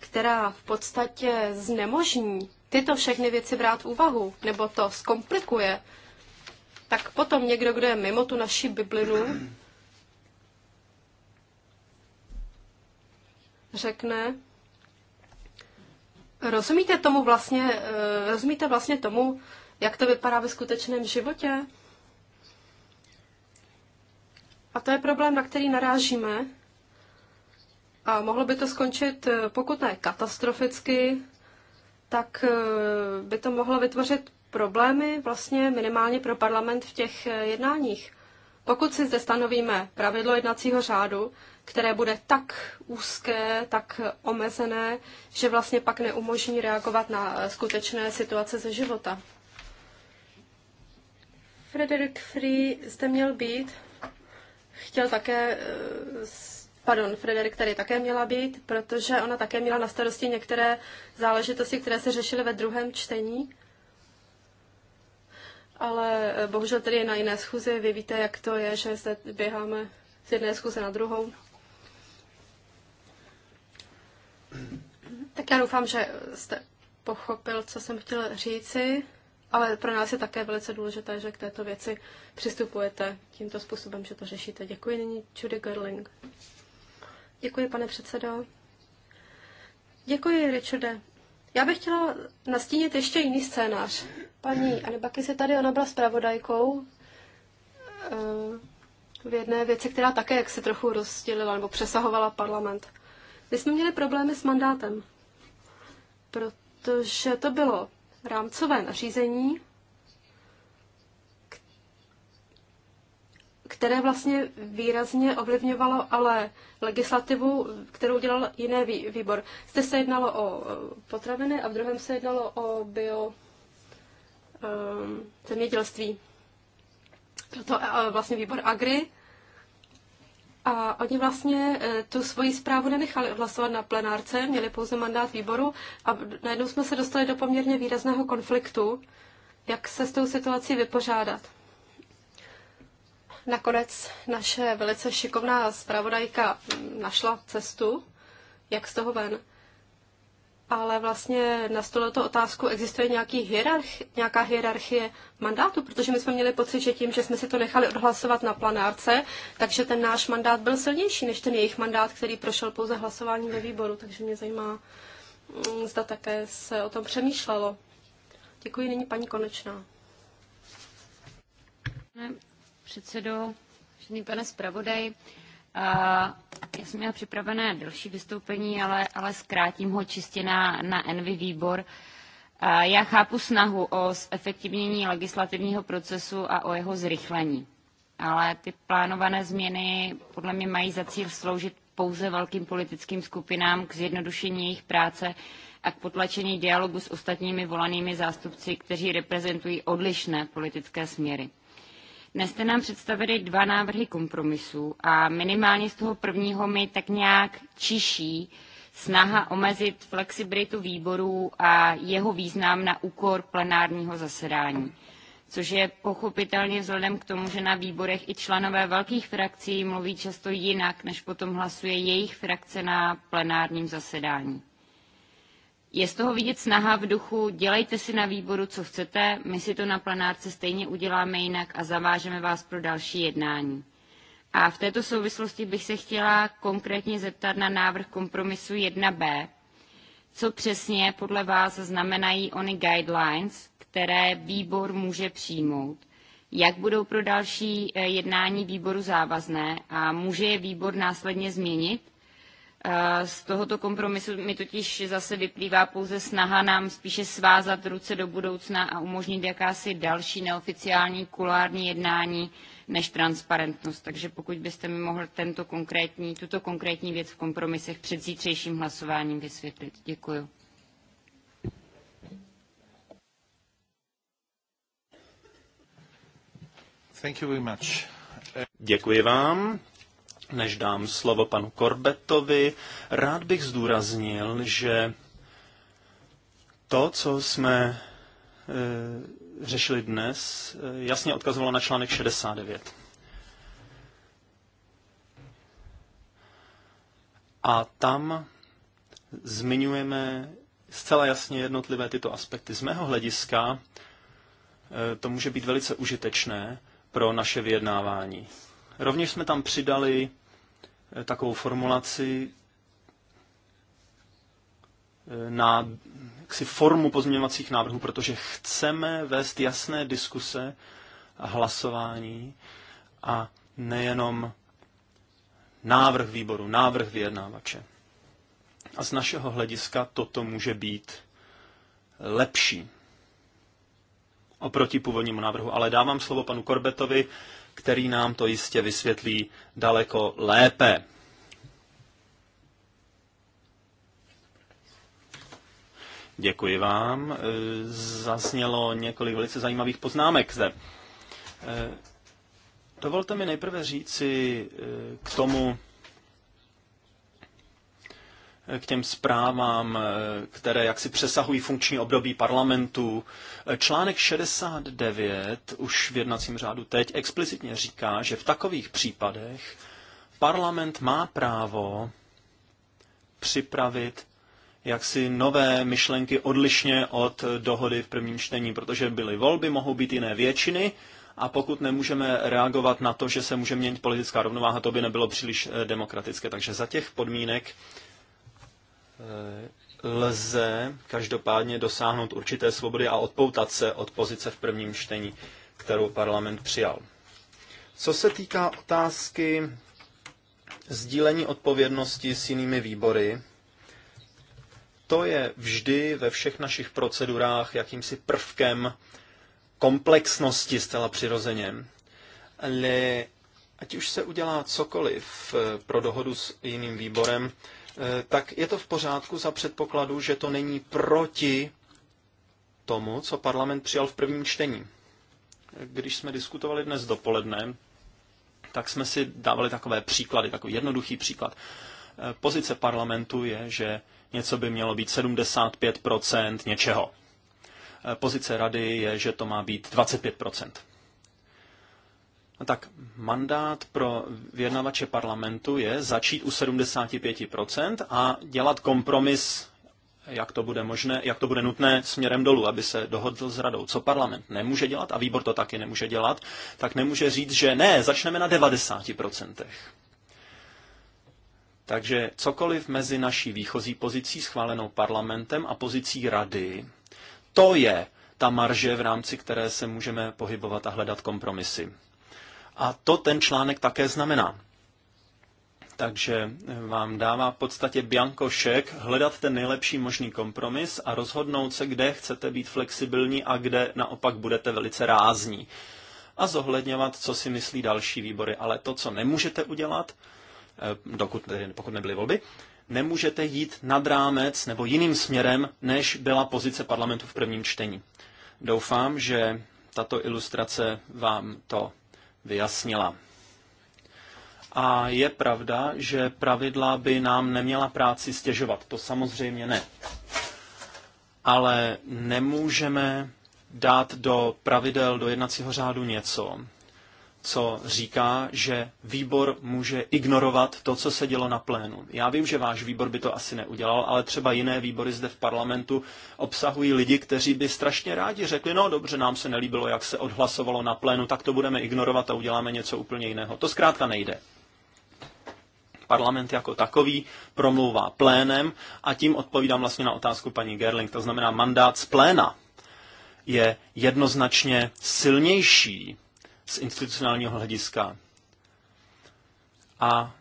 která v podstatě znemožní tyto všechny věci brát v úvahu, nebo to zkomplikuje, tak potom někdo, kdo je mimo tu naši biblinu, řekne, Rozumíte tomu vlastně, eh, rozumíte vlastně tomu, jak to vypadá ve skutečném životě? A to je problém, na který narážíme. A mohlo by to skončit, eh, pokud ne katastroficky, tak eh, by to mohlo vytvořit problémy vlastně minimálně pro parlament v těch jednáních. Pokud si zde stanovíme pravidlo jednacího řádu, které bude tak úzké, tak omezené, že vlastně pak neumožní reagovat na eh, skutečné situace ze života. Frederick Free zde měl být, chtěl také, eh, pardon, Frederick tady také měla být, protože ona také měla na starosti některé záležitosti, které se řešily ve druhém čtení ale eh, bohužel tady je na jiné schůzi. Vy víte, jak to je, že se běháme z jedné schůze na druhou. Tak já doufám, že jste pochopil, co jsem chtěl říci, ale pro nás je také velice důležité, že k této věci přistupujete tímto způsobem, že to řešíte. Děkuji nyní Judy Gerling. Děkuji, pane předsedo. Děkuji, Richarde. Já bych chtěla nastínit ještě jiný scénář. Paní Anibaky se tady, ona byla zpravodajkou eh, v jedné věci, která také jak se trochu rozdělila nebo přesahovala parlament. My jsme měli problémy s mandátem, protože to bylo rámcové nařízení, které vlastně výrazně ovlivňovalo ale legislativu, kterou dělal jiný výbor. Zde se jednalo o potraviny a v druhém se jednalo o bio um, zemědělství. Proto e, vlastně výbor Agri a oni vlastně e, tu svoji zprávu nenechali odhlasovat na plenárce, měli pouze mandát výboru a najednou jsme se dostali do poměrně výrazného konfliktu, jak se s tou situací vypořádat. Nakonec naše velice šikovná zpravodajka našla cestu, jak z toho ven. Ale vlastně stole to otázku, existuje nějaký hierarch, nějaká hierarchie mandátu, protože my jsme měli pocit, že tím, že jsme si to nechali odhlasovat na planárce, takže ten náš mandát byl silnější než ten jejich mandát, který prošel pouze hlasováním ve výboru. Takže mě zajímá, mm, zda také se o tom přemýšlelo. Děkuji, nyní paní Konečná předsedo, vážený pane zpravodaj. Já jsem měla připravené další vystoupení, ale, ale zkrátím ho čistě na, na Envy výbor. Já chápu snahu o zefektivnění legislativního procesu a o jeho zrychlení, ale ty plánované změny podle mě mají za cíl sloužit pouze velkým politickým skupinám k zjednodušení jejich práce a k potlačení dialogu s ostatními volanými zástupci, kteří reprezentují odlišné politické směry. Dnes jste nám představili dva návrhy kompromisů a minimálně z toho prvního mi tak nějak čiší snaha omezit flexibilitu výborů a jeho význam na úkor plenárního zasedání což je pochopitelně vzhledem k tomu, že na výborech i členové velkých frakcí mluví často jinak, než potom hlasuje jejich frakce na plenárním zasedání. Je z toho vidět snaha v duchu, dělejte si na výboru, co chcete, my si to na plenárce stejně uděláme jinak a zavážeme vás pro další jednání. A v této souvislosti bych se chtěla konkrétně zeptat na návrh kompromisu 1b. Co přesně podle vás znamenají ony guidelines, které výbor může přijmout? Jak budou pro další eh, jednání výboru závazné a může je výbor následně změnit? Z tohoto kompromisu mi totiž zase vyplývá pouze snaha nám spíše svázat ruce do budoucna a umožnit jakási další neoficiální kulární jednání než transparentnost. Takže pokud byste mi mohl tento konkrétní, tuto konkrétní věc v kompromisech před zítřejším hlasováním vysvětlit. Děkuji. Thank you very much. Děkuji vám. Než dám slovo panu Korbetovi, rád bych zdůraznil, že to, co jsme e, řešili dnes, eh, jasně odkazovalo na článek 69. A tam zmiňujeme zcela jasně jednotlivé tyto aspekty. Z mého hlediska eh, to může být velice užitečné pro naše vyjednávání. Rovněž jsme tam přidali Eh, takovou formulaci eh, na jaksi formu pozměňovacích návrhů, protože chceme vést jasné diskuse a hlasování a nejenom návrh výboru, návrh vyjednávače. A z našeho hlediska toto může být lepší oproti původnímu návrhu. Ale dávám slovo panu Korbetovi který nám to jistě vysvětlí daleko lépe. Děkuji vám. E, zaznělo několik velice zajímavých poznámek zde. E, dovolte mi nejprve říci e, k tomu, k těm zprávám, eh, které jaksi přesahují funkční období parlamentu. Eh, článek 69 už v jednacím řádu teď explicitně říká, že v takových případech parlament má právo připravit jaksi nové myšlenky odlišně od dohody v prvním čtení, protože byly volby, mohou být jiné většiny a pokud nemůžeme reagovat na to, že se může měnit politická rovnováha, to by nebylo příliš eh, demokratické. Takže za těch podmínek lze každopádně dosáhnout určité svobody a odpoutat se od pozice v prvním čtení, kterou parlament přijal. Co se týká otázky sdílení odpovědnosti s jinými výbory, to je vždy ve všech našich procedurách jakýmsi prvkem komplexnosti zcela přirozeně. Ale ať už se udělá cokoliv eh, pro dohodu s jiným výborem, Eh, tak je to v pořádku za předpokladu, že to není proti tomu, co parlament přijal v prvním čtení. Eh, když jsme diskutovali dnes dopoledne, tak jsme si dávali takové příklady, takový jednoduchý příklad. Eh, pozice parlamentu je, že něco by mělo být 75% něčeho. Pozice rady je, že to má být 25%. No tak mandát pro vyjednavače parlamentu je začít u 75% a dělat kompromis, jak to bude možné, jak to bude nutné směrem dolů, aby se dohodl s radou. Co parlament nemůže dělat a výbor to taky nemůže dělat, tak nemůže říct, že ne, začneme na 90%. Takže cokoliv mezi naší výchozí pozicí schválenou parlamentem a pozicí rady, to je ta marže, v rámci které se můžeme pohybovat a hledat kompromisy. A to ten článek také znamená. Takže eh, vám dává v podstatě bianko šek hledat ten nejlepší možný kompromis a rozhodnout se, kde chcete být flexibilní a kde naopak budete velice rázní. A zohledňovat, co si myslí další výbory. Ale to, co nemůžete udělat, eh, dokud, pokud nebyly volby, nemůžete jít nad rámec nebo jiným směrem, než byla pozice parlamentu v prvním čtení. Doufám, že tato ilustrace vám to vyjasnila. A je pravda, že pravidla by nám neměla práci stěžovat, to samozřejmě ne. Ale nemůžeme dát do pravidel, do jednacího řádu něco, co říká, že výbor může ignorovat to, co se dělo na plénu. Já vím, že váš výbor by to asi neudělal, ale třeba jiné výbory zde v parlamentu obsahují lidi, kteří by strašně rádi řekli, no dobře, nám se nelíbilo, jak se odhlasovalo na plénu, tak to budeme ignorovat a uděláme něco úplně jiného. To zkrátka nejde. Parlament jako takový promlouvá plénem a tím odpovídám vlastně na otázku paní Gerling. To znamená, mandát z pléna je jednoznačně silnější z institucionálního hlediska. A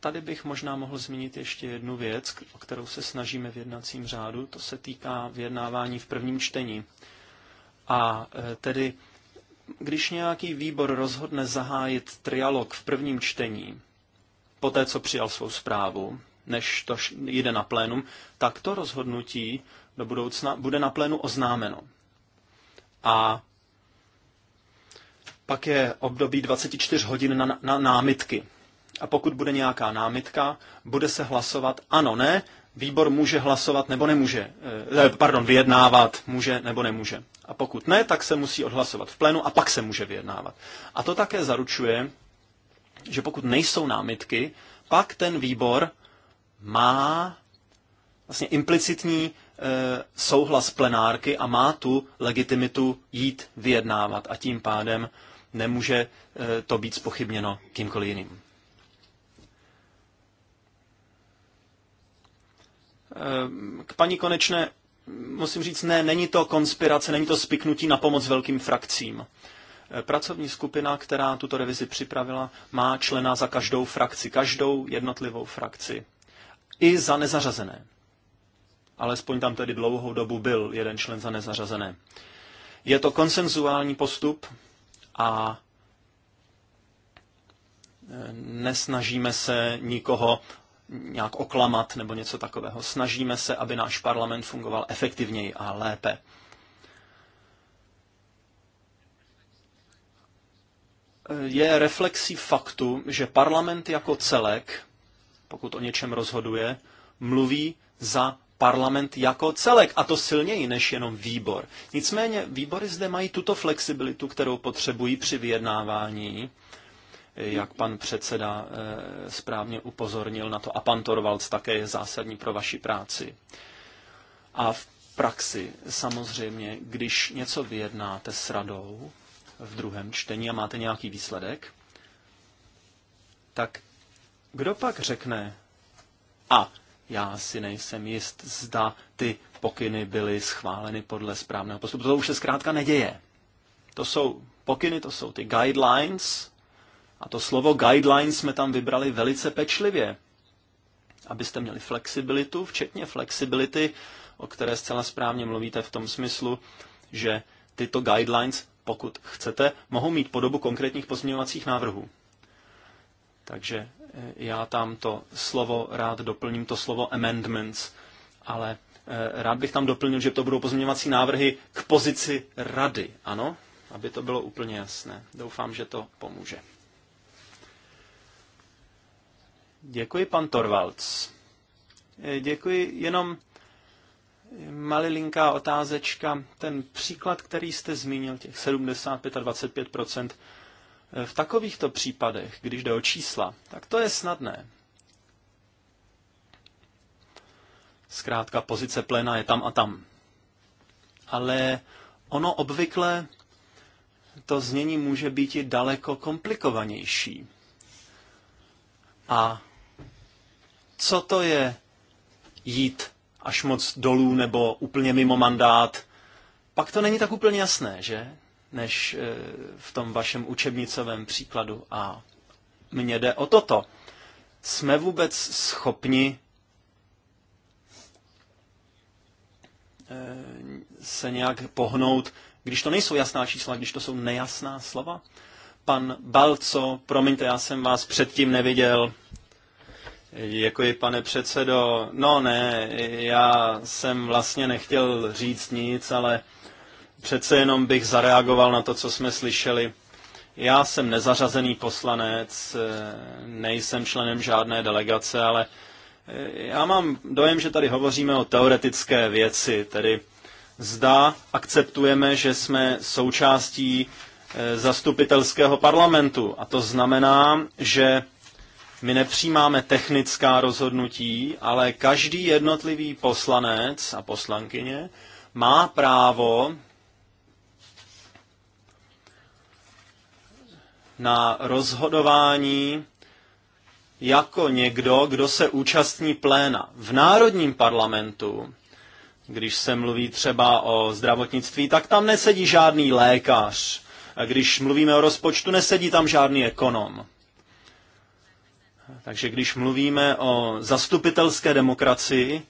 tady bych možná mohl zmínit ještě jednu věc, o kterou se snažíme v jednacím řádu. To se týká vyjednávání v prvním čtení. A e, tedy, když nějaký výbor rozhodne zahájit trialog v prvním čtení, po té, co přijal svou zprávu, než to jde na plénum, tak to rozhodnutí do budoucna bude na plénu oznámeno. A pak je období 24 hodin na, na námitky. A pokud bude nějaká námitka, bude se hlasovat ano, ne, výbor může hlasovat nebo nemůže, eh, eh, pardon, vyjednávat může nebo nemůže. A pokud ne, tak se musí odhlasovat v plénu a pak se může vyjednávat. A to také zaručuje, že pokud nejsou námitky, pak ten výbor má vlastně implicitní e, souhlas plenárky a má tu legitimitu jít vyjednávat a tím pádem nemůže eh, to být spochybněno kýmkoliv jiným. Eh, k paní Konečné musím říct, ne, není to konspirace, není to spiknutí na pomoc velkým frakcím. Eh, pracovní skupina, která tuto revizi připravila, má člena za každou frakci, každou jednotlivou frakci. I za nezařazené. Alespoň tam tedy dlouhou dobu byl jeden člen za nezařazené. Je to konsenzuální postup, a nesnažíme se nikoho nějak oklamat nebo něco takového. Snažíme se, aby náš parlament fungoval efektivněji a lépe. Je reflexí faktu, že parlament jako celek, pokud o něčem rozhoduje, mluví za parlament jako celek, a to silněji než jenom výbor. Nicméně výbory zde mají tuto flexibilitu, kterou potřebují při vyjednávání, jak pan předseda eh, správně upozornil na to, a pan Torvalds také je zásadní pro vaši práci. A v praxi samozřejmě, když něco vyjednáte s radou v druhém čtení a máte nějaký výsledek, tak kdo pak řekne, a já si nejsem jist, zda ty pokyny byly schváleny podle správného postupu. To už se zkrátka neděje. To jsou pokyny, to jsou ty guidelines. A to slovo guidelines jsme tam vybrali velice pečlivě, abyste měli flexibilitu, včetně flexibility, o které zcela správně mluvíte v tom smyslu, že tyto guidelines, pokud chcete, mohou mít podobu konkrétních pozměňovacích návrhů. Takže já tam to slovo rád doplním, to slovo amendments, ale eh, rád bych tam doplnil, že to budou pozměňovací návrhy k pozici rady, ano? Aby to bylo úplně jasné. Doufám, že to pomůže. Děkuji, pan Torvalds. Eh, děkuji, jenom malilinká otázečka. Ten příklad, který jste zmínil, těch 75 a 25 v takovýchto případech, když jde o čísla, tak to je snadné. Zkrátka pozice pléna je tam a tam. Ale ono obvykle to znění může být i daleko komplikovanější. A co to je jít až moc dolů nebo úplně mimo mandát, pak to není tak úplně jasné, že? než eh, v tom vašem učebnicovém příkladu. A mně jde o toto. Jsme vůbec schopni eh, se nějak pohnout, když to nejsou jasná čísla, když to jsou nejasná slova? Pan Balco, promiňte, já jsem vás předtím neviděl. i jako pane předsedo. No ne, já jsem vlastně nechtěl říct nic, ale Přece jenom bych zareagoval na to, co jsme slyšeli. Já jsem nezařazený poslanec, eh, nejsem členem žádné delegace, ale eh, já mám dojem, že tady hovoříme o teoretické věci, tedy zda akceptujeme, že jsme součástí eh, zastupitelského parlamentu. A to znamená, že my nepřijímáme technická rozhodnutí, ale každý jednotlivý poslanec a poslankyně má právo na rozhodování jako někdo, kdo se účastní pléna. V Národním parlamentu, když se mluví třeba o zdravotnictví, tak tam nesedí žádný lékař. Když mluvíme o rozpočtu, nesedí tam žádný ekonom. Takže když mluvíme o zastupitelské demokracii,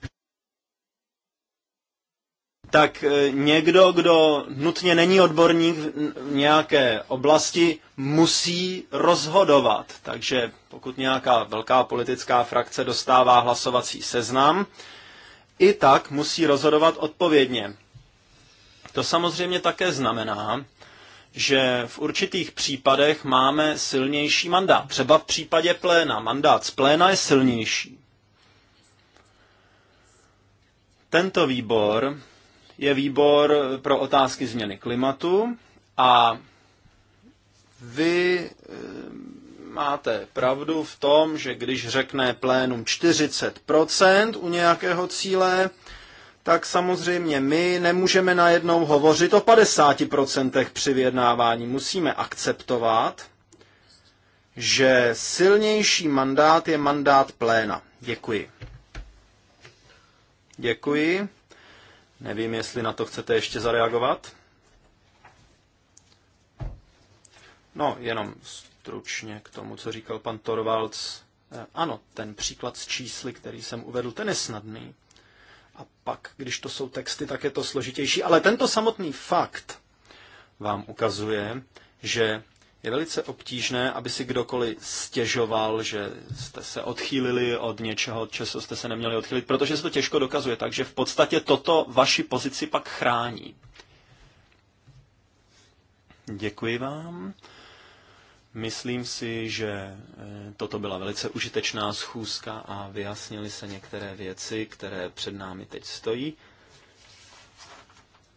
tak eh, někdo, kdo nutně není odborník v nějaké oblasti, musí rozhodovat. Takže pokud nějaká velká politická frakce dostává hlasovací seznam, i tak musí rozhodovat odpovědně. To samozřejmě také znamená, že v určitých případech máme silnější mandát. Třeba v případě pléna. Mandát z pléna je silnější. Tento výbor je výbor pro otázky změny klimatu a vy eh, máte pravdu v tom, že když řekne plénum 40% u nějakého cíle, tak samozřejmě my nemůžeme najednou hovořit o 50% při vyjednávání. Musíme akceptovat, že silnější mandát je mandát pléna. Děkuji. Děkuji. Nevím, jestli na to chcete ještě zareagovat. No, jenom stručně k tomu, co říkal pan Torvalds. Eh, ano, ten příklad s čísly, který jsem uvedl, ten je snadný. A pak, když to jsou texty, tak je to složitější. Ale tento samotný fakt vám ukazuje, že je velice obtížné, aby si kdokoliv stěžoval, že jste se odchýlili od něčeho, čeho jste se neměli odchýlit, protože se to těžko dokazuje. Takže v podstatě toto vaši pozici pak chrání. Děkuji vám. Myslím si, že eh, toto byla velice užitečná schůzka a vyjasnili se některé věci, které před námi teď stojí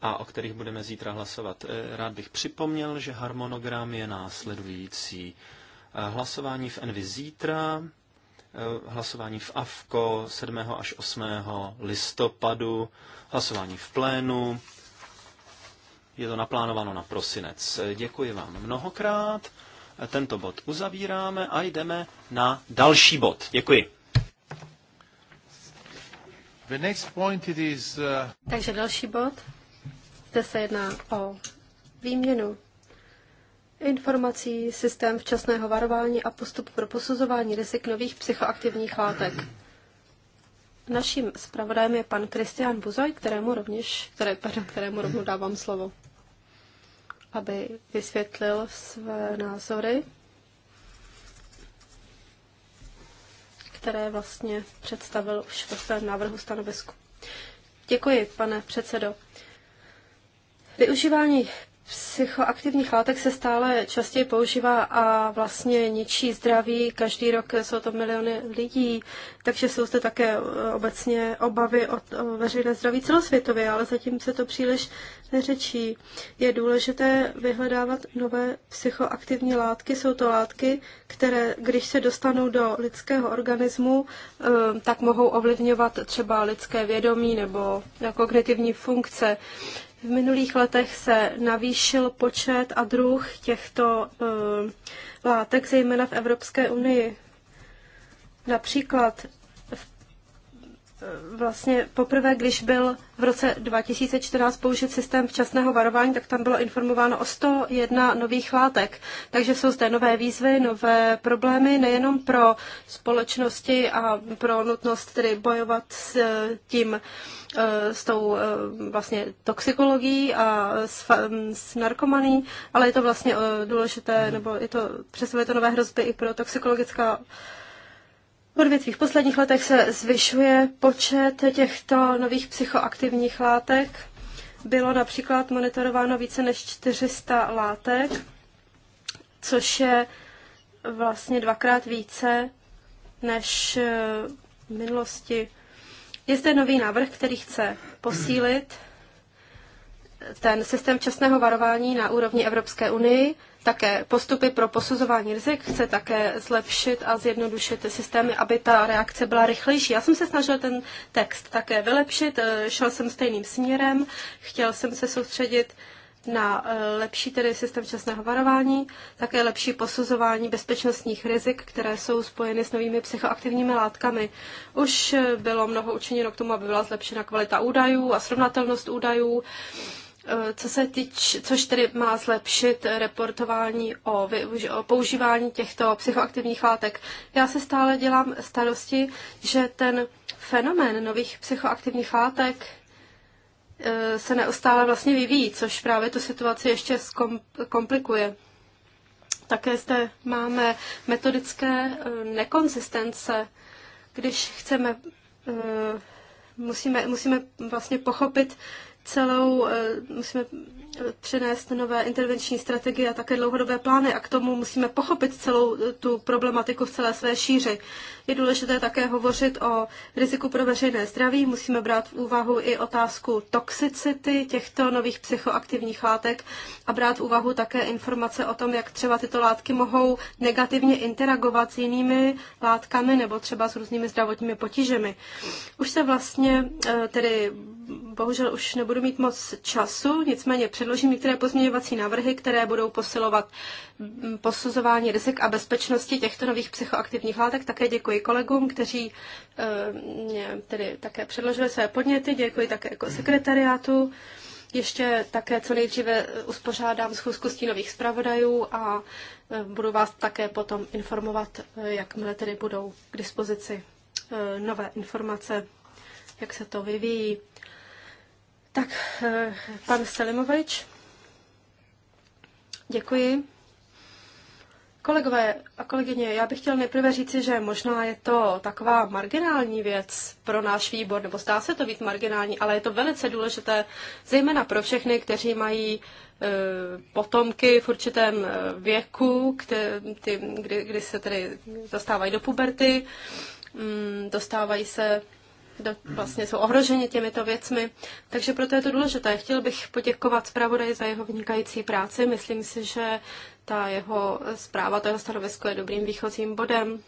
a o kterých budeme zítra hlasovat. Eh, rád bych připomněl, že harmonogram je následující. Eh, hlasování v Envy zítra, eh, hlasování v AFKO 7. až 8. listopadu, hlasování v plénu. Je to naplánováno na prosinec. Děkuji vám mnohokrát. Tento bod uzavíráme a jdeme na další bod. Děkuji. The next point it is, uh... Takže další bod. Zde se jedná o výměnu informací, systém včasného varování a postup pro posuzování rizik nových psychoaktivních látek. Naším zpravodajem je pan Kristian Buzoj, kterému rovněž, které, pardon, kterému rovnou dávám slovo, aby vysvětlil své názory, které vlastně představil už ve svém návrhu stanovisku. Děkuji, pane předsedo. Využívání psychoaktivních látek se stále častěji používá a vlastně ničí zdraví. Každý rok jsou to miliony lidí, takže jsou zde také eh, obecně obavy o veřejné zdraví celosvětově, ale zatím se to příliš neřečí. Je důležité vyhledávat nové psychoaktivní látky. Jsou to látky, které, když se dostanou do lidského organismu, eh, tak mohou ovlivňovat třeba lidské vědomí nebo jako kognitivní funkce. V minulých letech se navýšil počet a druh těchto eh, látek, zejména v Evropské unii. Například vlastně poprvé, když byl v roce 2014 použit systém včasného varování, tak tam bylo informováno o 101 nových látek. Takže jsou zde nové výzvy, nové problémy, nejenom pro společnosti a pro nutnost tedy bojovat s eh, tím, eh, s tou eh, vlastně toxikologií a s, mm, s narkomaní, ale je to vlastně důležité, nebo je to, představuje to nové hrozby i pro toxikologická v V posledních letech se zvyšuje počet těchto nových psychoaktivních látek. Bylo například monitorováno více než 400 látek, což je vlastně dvakrát více než eh, v minulosti. Je zde nový návrh, který chce posílit ten systém časného varování na úrovni Evropské unii, také postupy pro posuzování rizik chce také zlepšit a zjednodušit ty systémy, aby ta reakce byla rychlejší. Já jsem se snažil ten text také vylepšit, eh, šel jsem stejným směrem, chtěl jsem se soustředit na eh, lepší tedy systém časného varování, také lepší posuzování bezpečnostních rizik, které jsou spojeny s novými psychoaktivními látkami. Už eh, bylo mnoho učiněno k tomu, aby byla zlepšena kvalita údajů a srovnatelnost údajů. Eh, co se týč, což tedy má zlepšit reportování o, o používání těchto psychoaktivních látek. Já se stále dělám starosti, že ten fenomén nových psychoaktivních látek eh, se neustále vlastně vyvíjí, což právě tu situaci ještě komplikuje. Také zde máme metodické eh, nekonzistence, když chceme musíme, musíme vlastně pochopit, celou, eh, musíme přinést nové intervenční strategie a také dlouhodobé plány a k tomu musíme pochopit celou eh, tu problematiku v celé své šíři. Je důležité také hovořit o riziku pro veřejné zdraví, musíme brát v úvahu i otázku toxicity těchto nových psychoaktivních látek a brát v úvahu také informace o tom, jak třeba tyto látky mohou negativně interagovat s jinými látkami nebo třeba s různými zdravotními potížemi. Už se vlastně eh, tedy bohužel už nebudu mít moc času, nicméně předložím některé pozměňovací návrhy, které budou posilovat mm, posuzování rizik a bezpečnosti těchto nových psychoaktivních látek. Také děkuji kolegům, kteří eh, mě tedy také předložili své podněty, děkuji také jako sekretariátu. Ještě také co nejdříve eh, uspořádám schůzku stínových zpravodajů a eh, budu vás také potom informovat, jakmile tedy budou k dispozici nové informace, jak se to vyvíjí. Tak, eh, pan Selimovič. Děkuji. Kolegové a kolegyně, já bych chtěl nejprve říci, že možná je to taková marginální věc pro náš výbor, nebo zdá se to být marginální, ale je to velice důležité, zejména pro všechny, kteří mají eh, potomky v určitém eh, věku, kdy, kdy se tedy dostávají do puberty, mm, dostávají se kdo vlastně jsou ohroženi těmito věcmi. Takže proto je to důležité. Chtěl bych poděkovat zpravodaji za jeho vynikající práci. Myslím si, že ta jeho zpráva, to jeho stanovisko je dobrým výchozím bodem.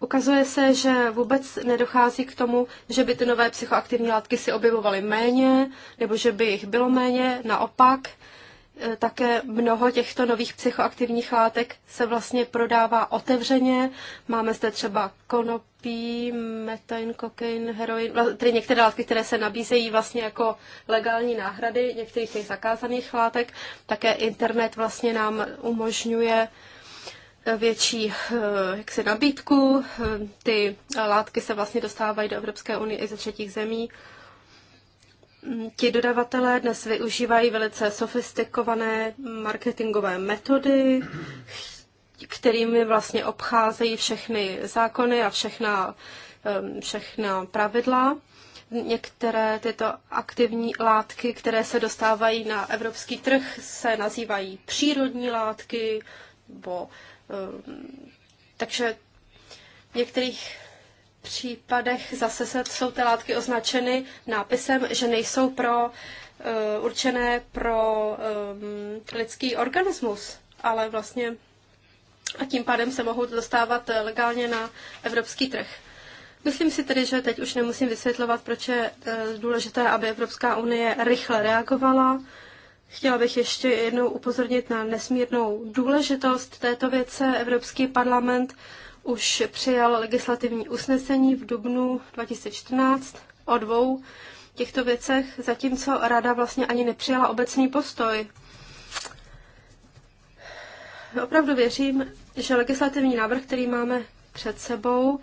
Ukazuje se, že vůbec nedochází k tomu, že by ty nové psychoaktivní látky si objevovaly méně, nebo že by jich bylo méně. Naopak, Eh, také mnoho těchto nových psychoaktivních látek se vlastně prodává otevřeně. Máme zde třeba konopí, metain, kokain, heroin, tedy některé látky, které se nabízejí vlastně jako legální náhrady některých těch zakázaných látek. Také internet vlastně nám umožňuje eh, větší eh, jaksi, nabídku. Ty látky se vlastně dostávají do Evropské unie i ze třetích zemí. Ti dodavatelé dnes využívají velice sofistikované marketingové metody, kterými vlastně obcházejí všechny zákony a všechna, všechna pravidla. Některé tyto aktivní látky, které se dostávají na evropský trh, se nazývají přírodní látky, bo, takže v některých případech zase jsou ty látky označeny nápisem, že nejsou pro, eh, určené pro um, lidský organismus, ale vlastně a tím pádem se mohou dostávat eh, legálně na evropský trh. Myslím si tedy, že teď už nemusím vysvětlovat, proč je důležité, aby Evropská unie rychle reagovala. Chtěla bych ještě jednou upozornit na nesmírnou důležitost této věce. Evropský parlament už přijal legislativní usnesení v dubnu 2014 o dvou těchto věcech, zatímco rada vlastně ani nepřijala obecný postoj. Opravdu věřím, že legislativní návrh, který máme před sebou,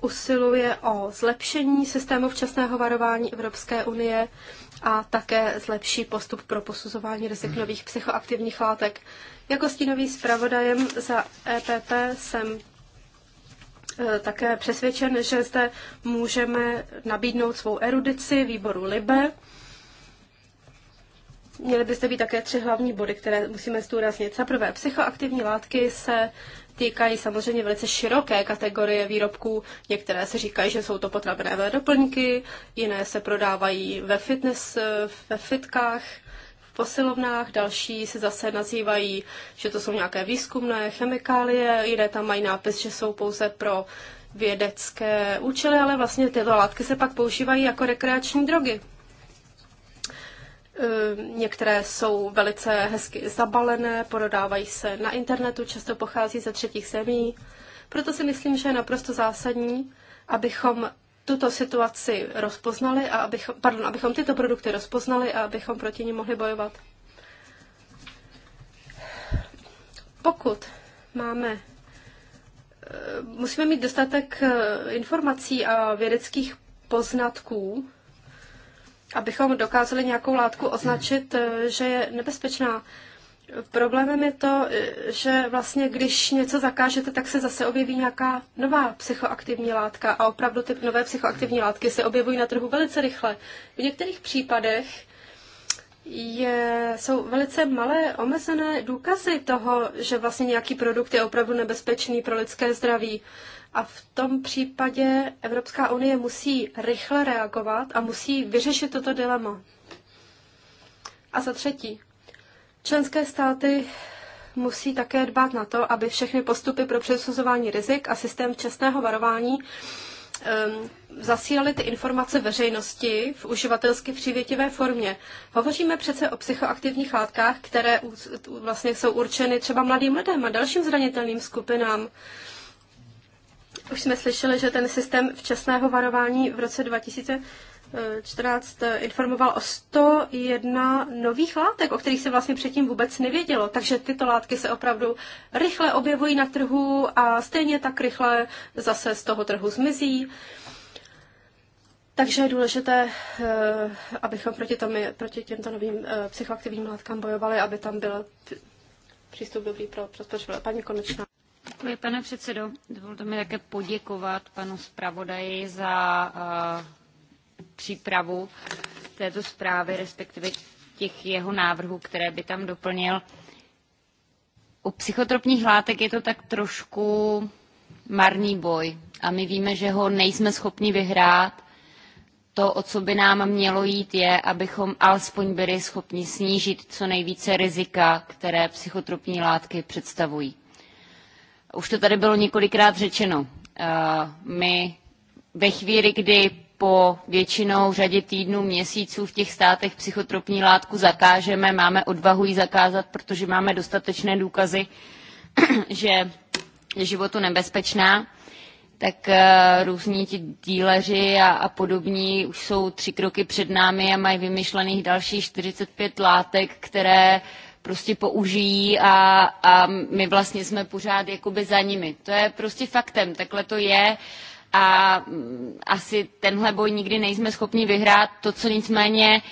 usiluje o zlepšení systému včasného varování Evropské unie a také zlepší postup pro posuzování rizik nových psychoaktivních látek. Jako stínový zpravodajem za EPP jsem Eh, také přesvědčen, že zde můžeme nabídnout svou erudici výboru LIBE. Měly byste být také tři hlavní body, které musíme zdůraznit. Za prvé, psychoaktivní látky se týkají samozřejmě velice široké kategorie výrobků. Některé se říkají, že jsou to potravinové doplňky, jiné se prodávají ve fitness, eh, ve fitkách, posilovnách, další se zase nazývají, že to jsou nějaké výzkumné chemikálie, jiné tam mají nápis, že jsou pouze pro vědecké účely, ale vlastně tyto látky se pak používají jako rekreační drogy. Ehm, některé jsou velice hezky zabalené, prodávají se na internetu, často pochází ze třetích zemí. Proto si myslím, že je naprosto zásadní, abychom tuto situaci rozpoznali a abychom, pardon, abychom tyto produkty rozpoznali a abychom proti ní mohli bojovat. Pokud máme eh, musíme mít dostatek eh, informací a vědeckých poznatků, abychom dokázali nějakou látku označit, eh, že je nebezpečná. Problémem je to, že vlastně když něco zakážete, tak se zase objeví nějaká nová psychoaktivní látka a opravdu ty nové psychoaktivní látky se objevují na trhu velice rychle. V některých případech je, jsou velice malé omezené důkazy toho, že vlastně nějaký produkt je opravdu nebezpečný pro lidské zdraví. A v tom případě Evropská unie musí rychle reagovat a musí vyřešit toto dilema. A za třetí, Členské státy musí také dbát na to, aby všechny postupy pro přesuzování rizik a systém čestného varování um, zasílali ty informace veřejnosti v uživatelsky přívětivé formě. Hovoříme přece o psychoaktivních látkách, které vlastně jsou určeny třeba mladým lidem a dalším zranitelným skupinám. Už jsme slyšeli, že ten systém včasného varování v roce 2000 14 eh, informoval o 101 nových látek, o kterých se vlastně předtím vůbec nevědělo. Takže tyto látky se opravdu rychle objevují na trhu a stejně tak rychle zase z toho trhu zmizí. Takže je důležité, eh, abychom proti, tomu, proti těmto novým eh, psychoaktivním látkám bojovali, aby tam byl přístup dobrý pro spotřebitele. Paní Konečná. Děkuji, pane předsedo. Dovolte mi také poděkovat panu zpravodaji za přípravu této zprávy, respektive těch jeho návrhů, které by tam doplnil. U psychotropních látek je to tak trošku marný boj a my víme, že ho nejsme schopni vyhrát. To, o co by nám mělo jít, je, abychom alespoň byli schopni snížit co nejvíce rizika, které psychotropní látky představují. Už to tady bylo několikrát řečeno. Eh, my ve chvíli, kdy po většinou řadě týdnů, měsíců v těch státech psychotropní látku zakážeme, máme odvahu ji zakázat, protože máme dostatečné důkazy, že je životu nebezpečná, tak eh, různí ti díleři a, a podobní už jsou tři kroky před námi a mají vymyšlených dalších 45 látek, které prostě použijí a, a my vlastně jsme pořád jakoby za nimi. To je prostě faktem, takhle to je. Uh, a mm, asi tenhle boj nikdy nejsme schopni vyhrát. To, co nicméně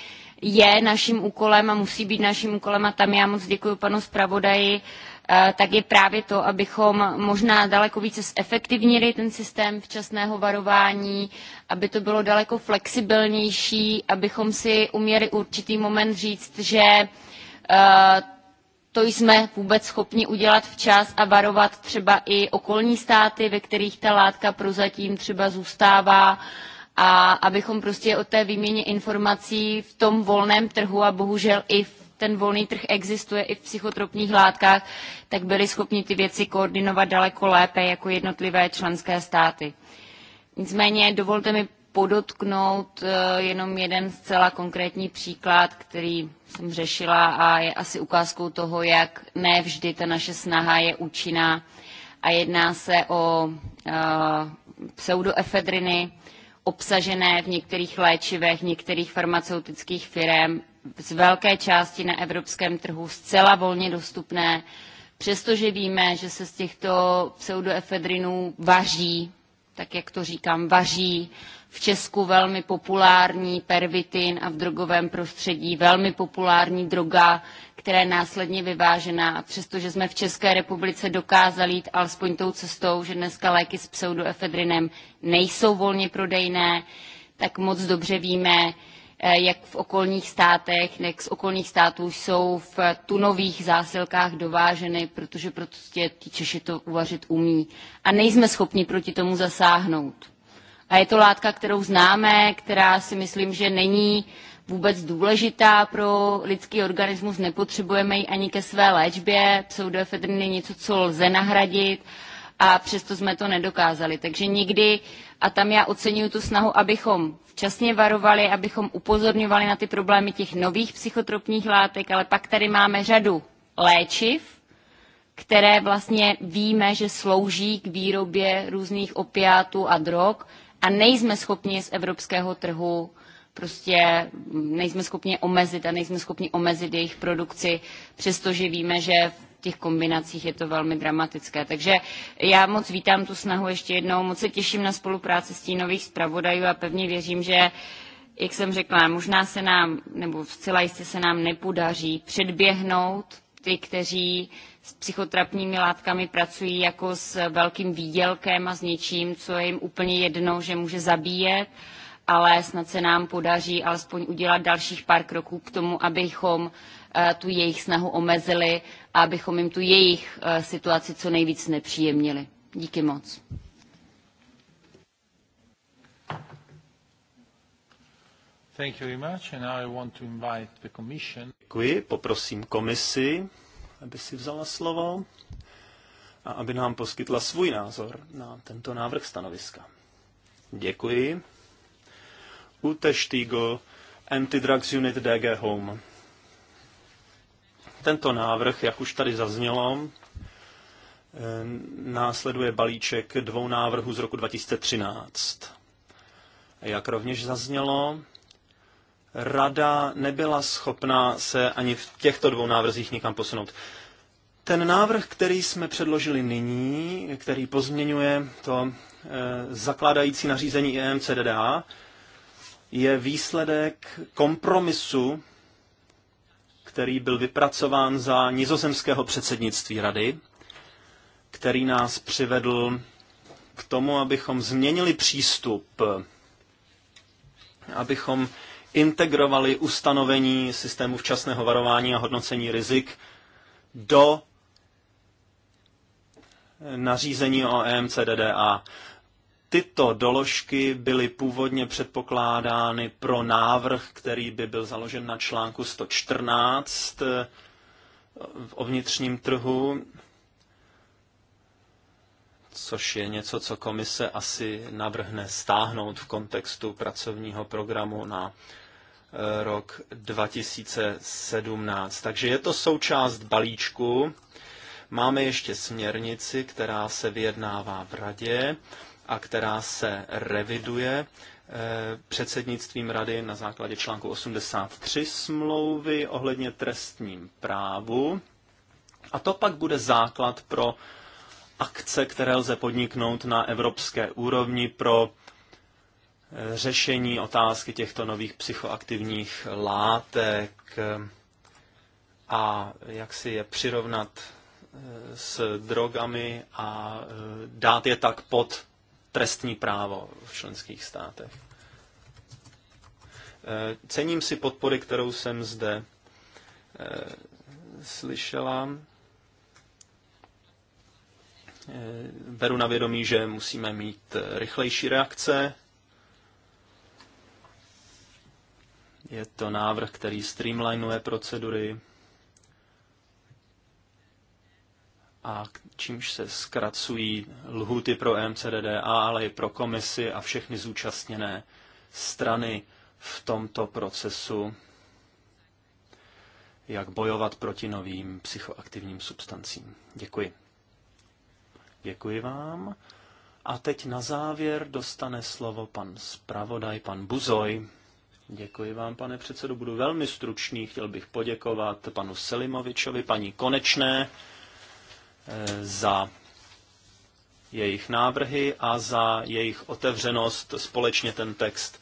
je naším úkolem a musí být naším úkolem, a tam já moc děkuji panu zpravodaji, eh, tak je právě to, abychom možná daleko více zefektivnili ten systém včasného varování, aby to bylo daleko flexibilnější, abychom si uměli určitý moment říct, že eh, to jsme vůbec schopni udělat včas a varovat třeba i okolní státy, ve kterých ta látka prozatím třeba zůstává a abychom prostě o té výměně informací v tom volném trhu a bohužel i ten volný trh existuje i v psychotropních látkách, tak byli schopni ty věci koordinovat daleko lépe jako jednotlivé členské státy. Nicméně dovolte mi podotknout eh, jenom jeden zcela konkrétní příklad, který jsem řešila a je asi ukázkou toho, jak ne vždy ta naše snaha je účinná. A jedná se o eh, pseudoefedriny obsažené v některých léčivech, některých farmaceutických firm, z velké části na evropském trhu zcela volně dostupné, přestože víme, že se z těchto pseudoefedrinů vaří, tak jak to říkám, vaří v Česku velmi populární pervitin a v drogovém prostředí velmi populární droga, která je následně vyvážená. A přestože jsme v České republice dokázali jít alespoň tou cestou, že dneska léky s pseudoefedrinem nejsou volně prodejné, tak moc dobře víme, eh, jak v okolních státech, jak z okolních států jsou v tunových zásilkách dováženy, protože prostě ti Češi to uvařit umí. A nejsme schopni proti tomu zasáhnout. A je to látka, kterou známe, která si myslím, že není vůbec důležitá pro lidský organismus, nepotřebujeme ji ani ke své léčbě. Pseudoefedrin je něco, co lze nahradit a přesto jsme to nedokázali. Takže nikdy, a tam já oceňuju tu snahu, abychom včasně varovali, abychom upozorňovali na ty problémy těch nových psychotropních látek, ale pak tady máme řadu léčiv, které vlastně víme, že slouží k výrobě různých opiátů a drog, a nejsme schopni z evropského trhu prostě nejsme schopni omezit a nejsme schopni omezit jejich produkci, přestože víme, že v těch kombinacích je to velmi dramatické. Takže já moc vítám tu snahu ještě jednou, moc se těším na spolupráci s nových zpravodajů a pevně věřím, že jak jsem řekla, možná se nám, nebo zcela jistě se nám nepodaří předběhnout ty, kteří s psychotrapními látkami pracují jako s velkým výdělkem a s něčím, co je jim úplně jedno, že může zabíjet, ale snad se nám podaří alespoň udělat dalších pár kroků k tomu, abychom eh, tu jejich snahu omezili a abychom jim tu jejich eh, situaci co nejvíc nepříjemnili. Díky moc. Děkuji, poprosím komisi aby si vzala slovo a aby nám poskytla svůj názor na tento návrh stanoviska. Děkuji. Ute Stiegel, Anti-Drugs Unit DG Home. Tento návrh, jak už tady zaznělo, eh, následuje balíček dvou návrhů z roku 2013. Jak rovněž zaznělo, rada nebyla schopná se ani v těchto dvou návrzích nikam posunout. Ten návrh, který jsme předložili nyní, který pozměňuje to e, zakládající nařízení EMCDDA, je výsledek kompromisu, který byl vypracován za nizozemského předsednictví rady, který nás přivedl k tomu, abychom změnili přístup, abychom integrovali ustanovení systému včasného varování a hodnocení rizik do nařízení o EMCDDA. Tyto doložky byly původně předpokládány pro návrh, který by byl založen na článku 114 o vnitřním trhu což je něco, co komise asi navrhne stáhnout v kontextu pracovního programu na e, rok 2017. Takže je to součást balíčku. Máme ještě směrnici, která se vyjednává v radě a která se reviduje e, předsednictvím rady na základě článku 83 smlouvy ohledně trestním právu. A to pak bude základ pro akce, které lze podniknout na evropské úrovni pro eh, řešení otázky těchto nových psychoaktivních látek eh, a jak si je přirovnat eh, s drogami a dát je tak pod trestní právo v členských státech. Cením si podpory, kterou jsem zde slyšela Eh, beru na vědomí, že musíme mít eh, rychlejší reakce. Je to návrh, který streamlinuje procedury a čímž se zkracují lhuty pro MCDDA, ale i pro komisy a všechny zúčastněné strany v tomto procesu, jak bojovat proti novým psychoaktivním substancím. Děkuji. Děkuji vám. A teď na závěr dostane slovo pan zpravodaj, pan Buzoj. Děkuji vám, pane předsedo, budu velmi stručný. Chtěl bych poděkovat panu Selimovičovi, paní Konečné eh, za jejich návrhy a za jejich otevřenost společně ten text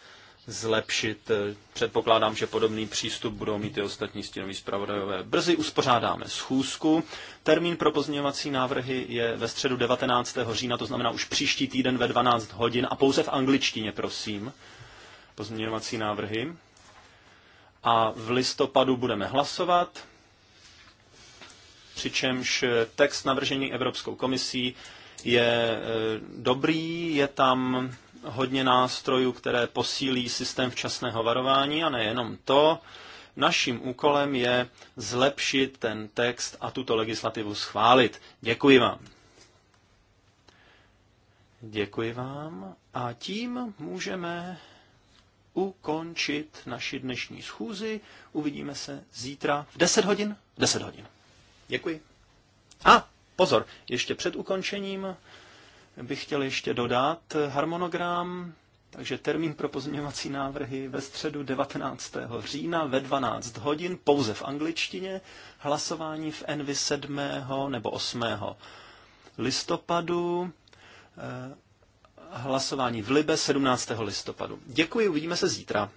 zlepšit. Eh, předpokládám, že podobný přístup budou mít i ostatní stínoví zpravodajové. Brzy uspořádáme schůzku. Termín pro pozměňovací návrhy je ve středu 19. října, to znamená už příští týden ve 12 hodin a pouze v angličtině, prosím, pozměňovací návrhy. A v listopadu budeme hlasovat, přičemž text navržený Evropskou komisí je eh, dobrý, je tam hodně nástrojů, které posílí systém včasného varování a nejenom to. Naším úkolem je zlepšit ten text a tuto legislativu schválit. Děkuji vám. Děkuji vám a tím můžeme ukončit naši dnešní schůzi. Uvidíme se zítra v 10 hodin. 10 hodin. Děkuji. A pozor, ještě před ukončením bych chtěl ještě dodat harmonogram, takže termín pro pozměňovací návrhy ve středu 19. října ve 12 hodin, pouze v angličtině, hlasování v Envy 7. nebo 8. listopadu, eh, hlasování v Libe 17. listopadu. Děkuji, uvidíme se zítra.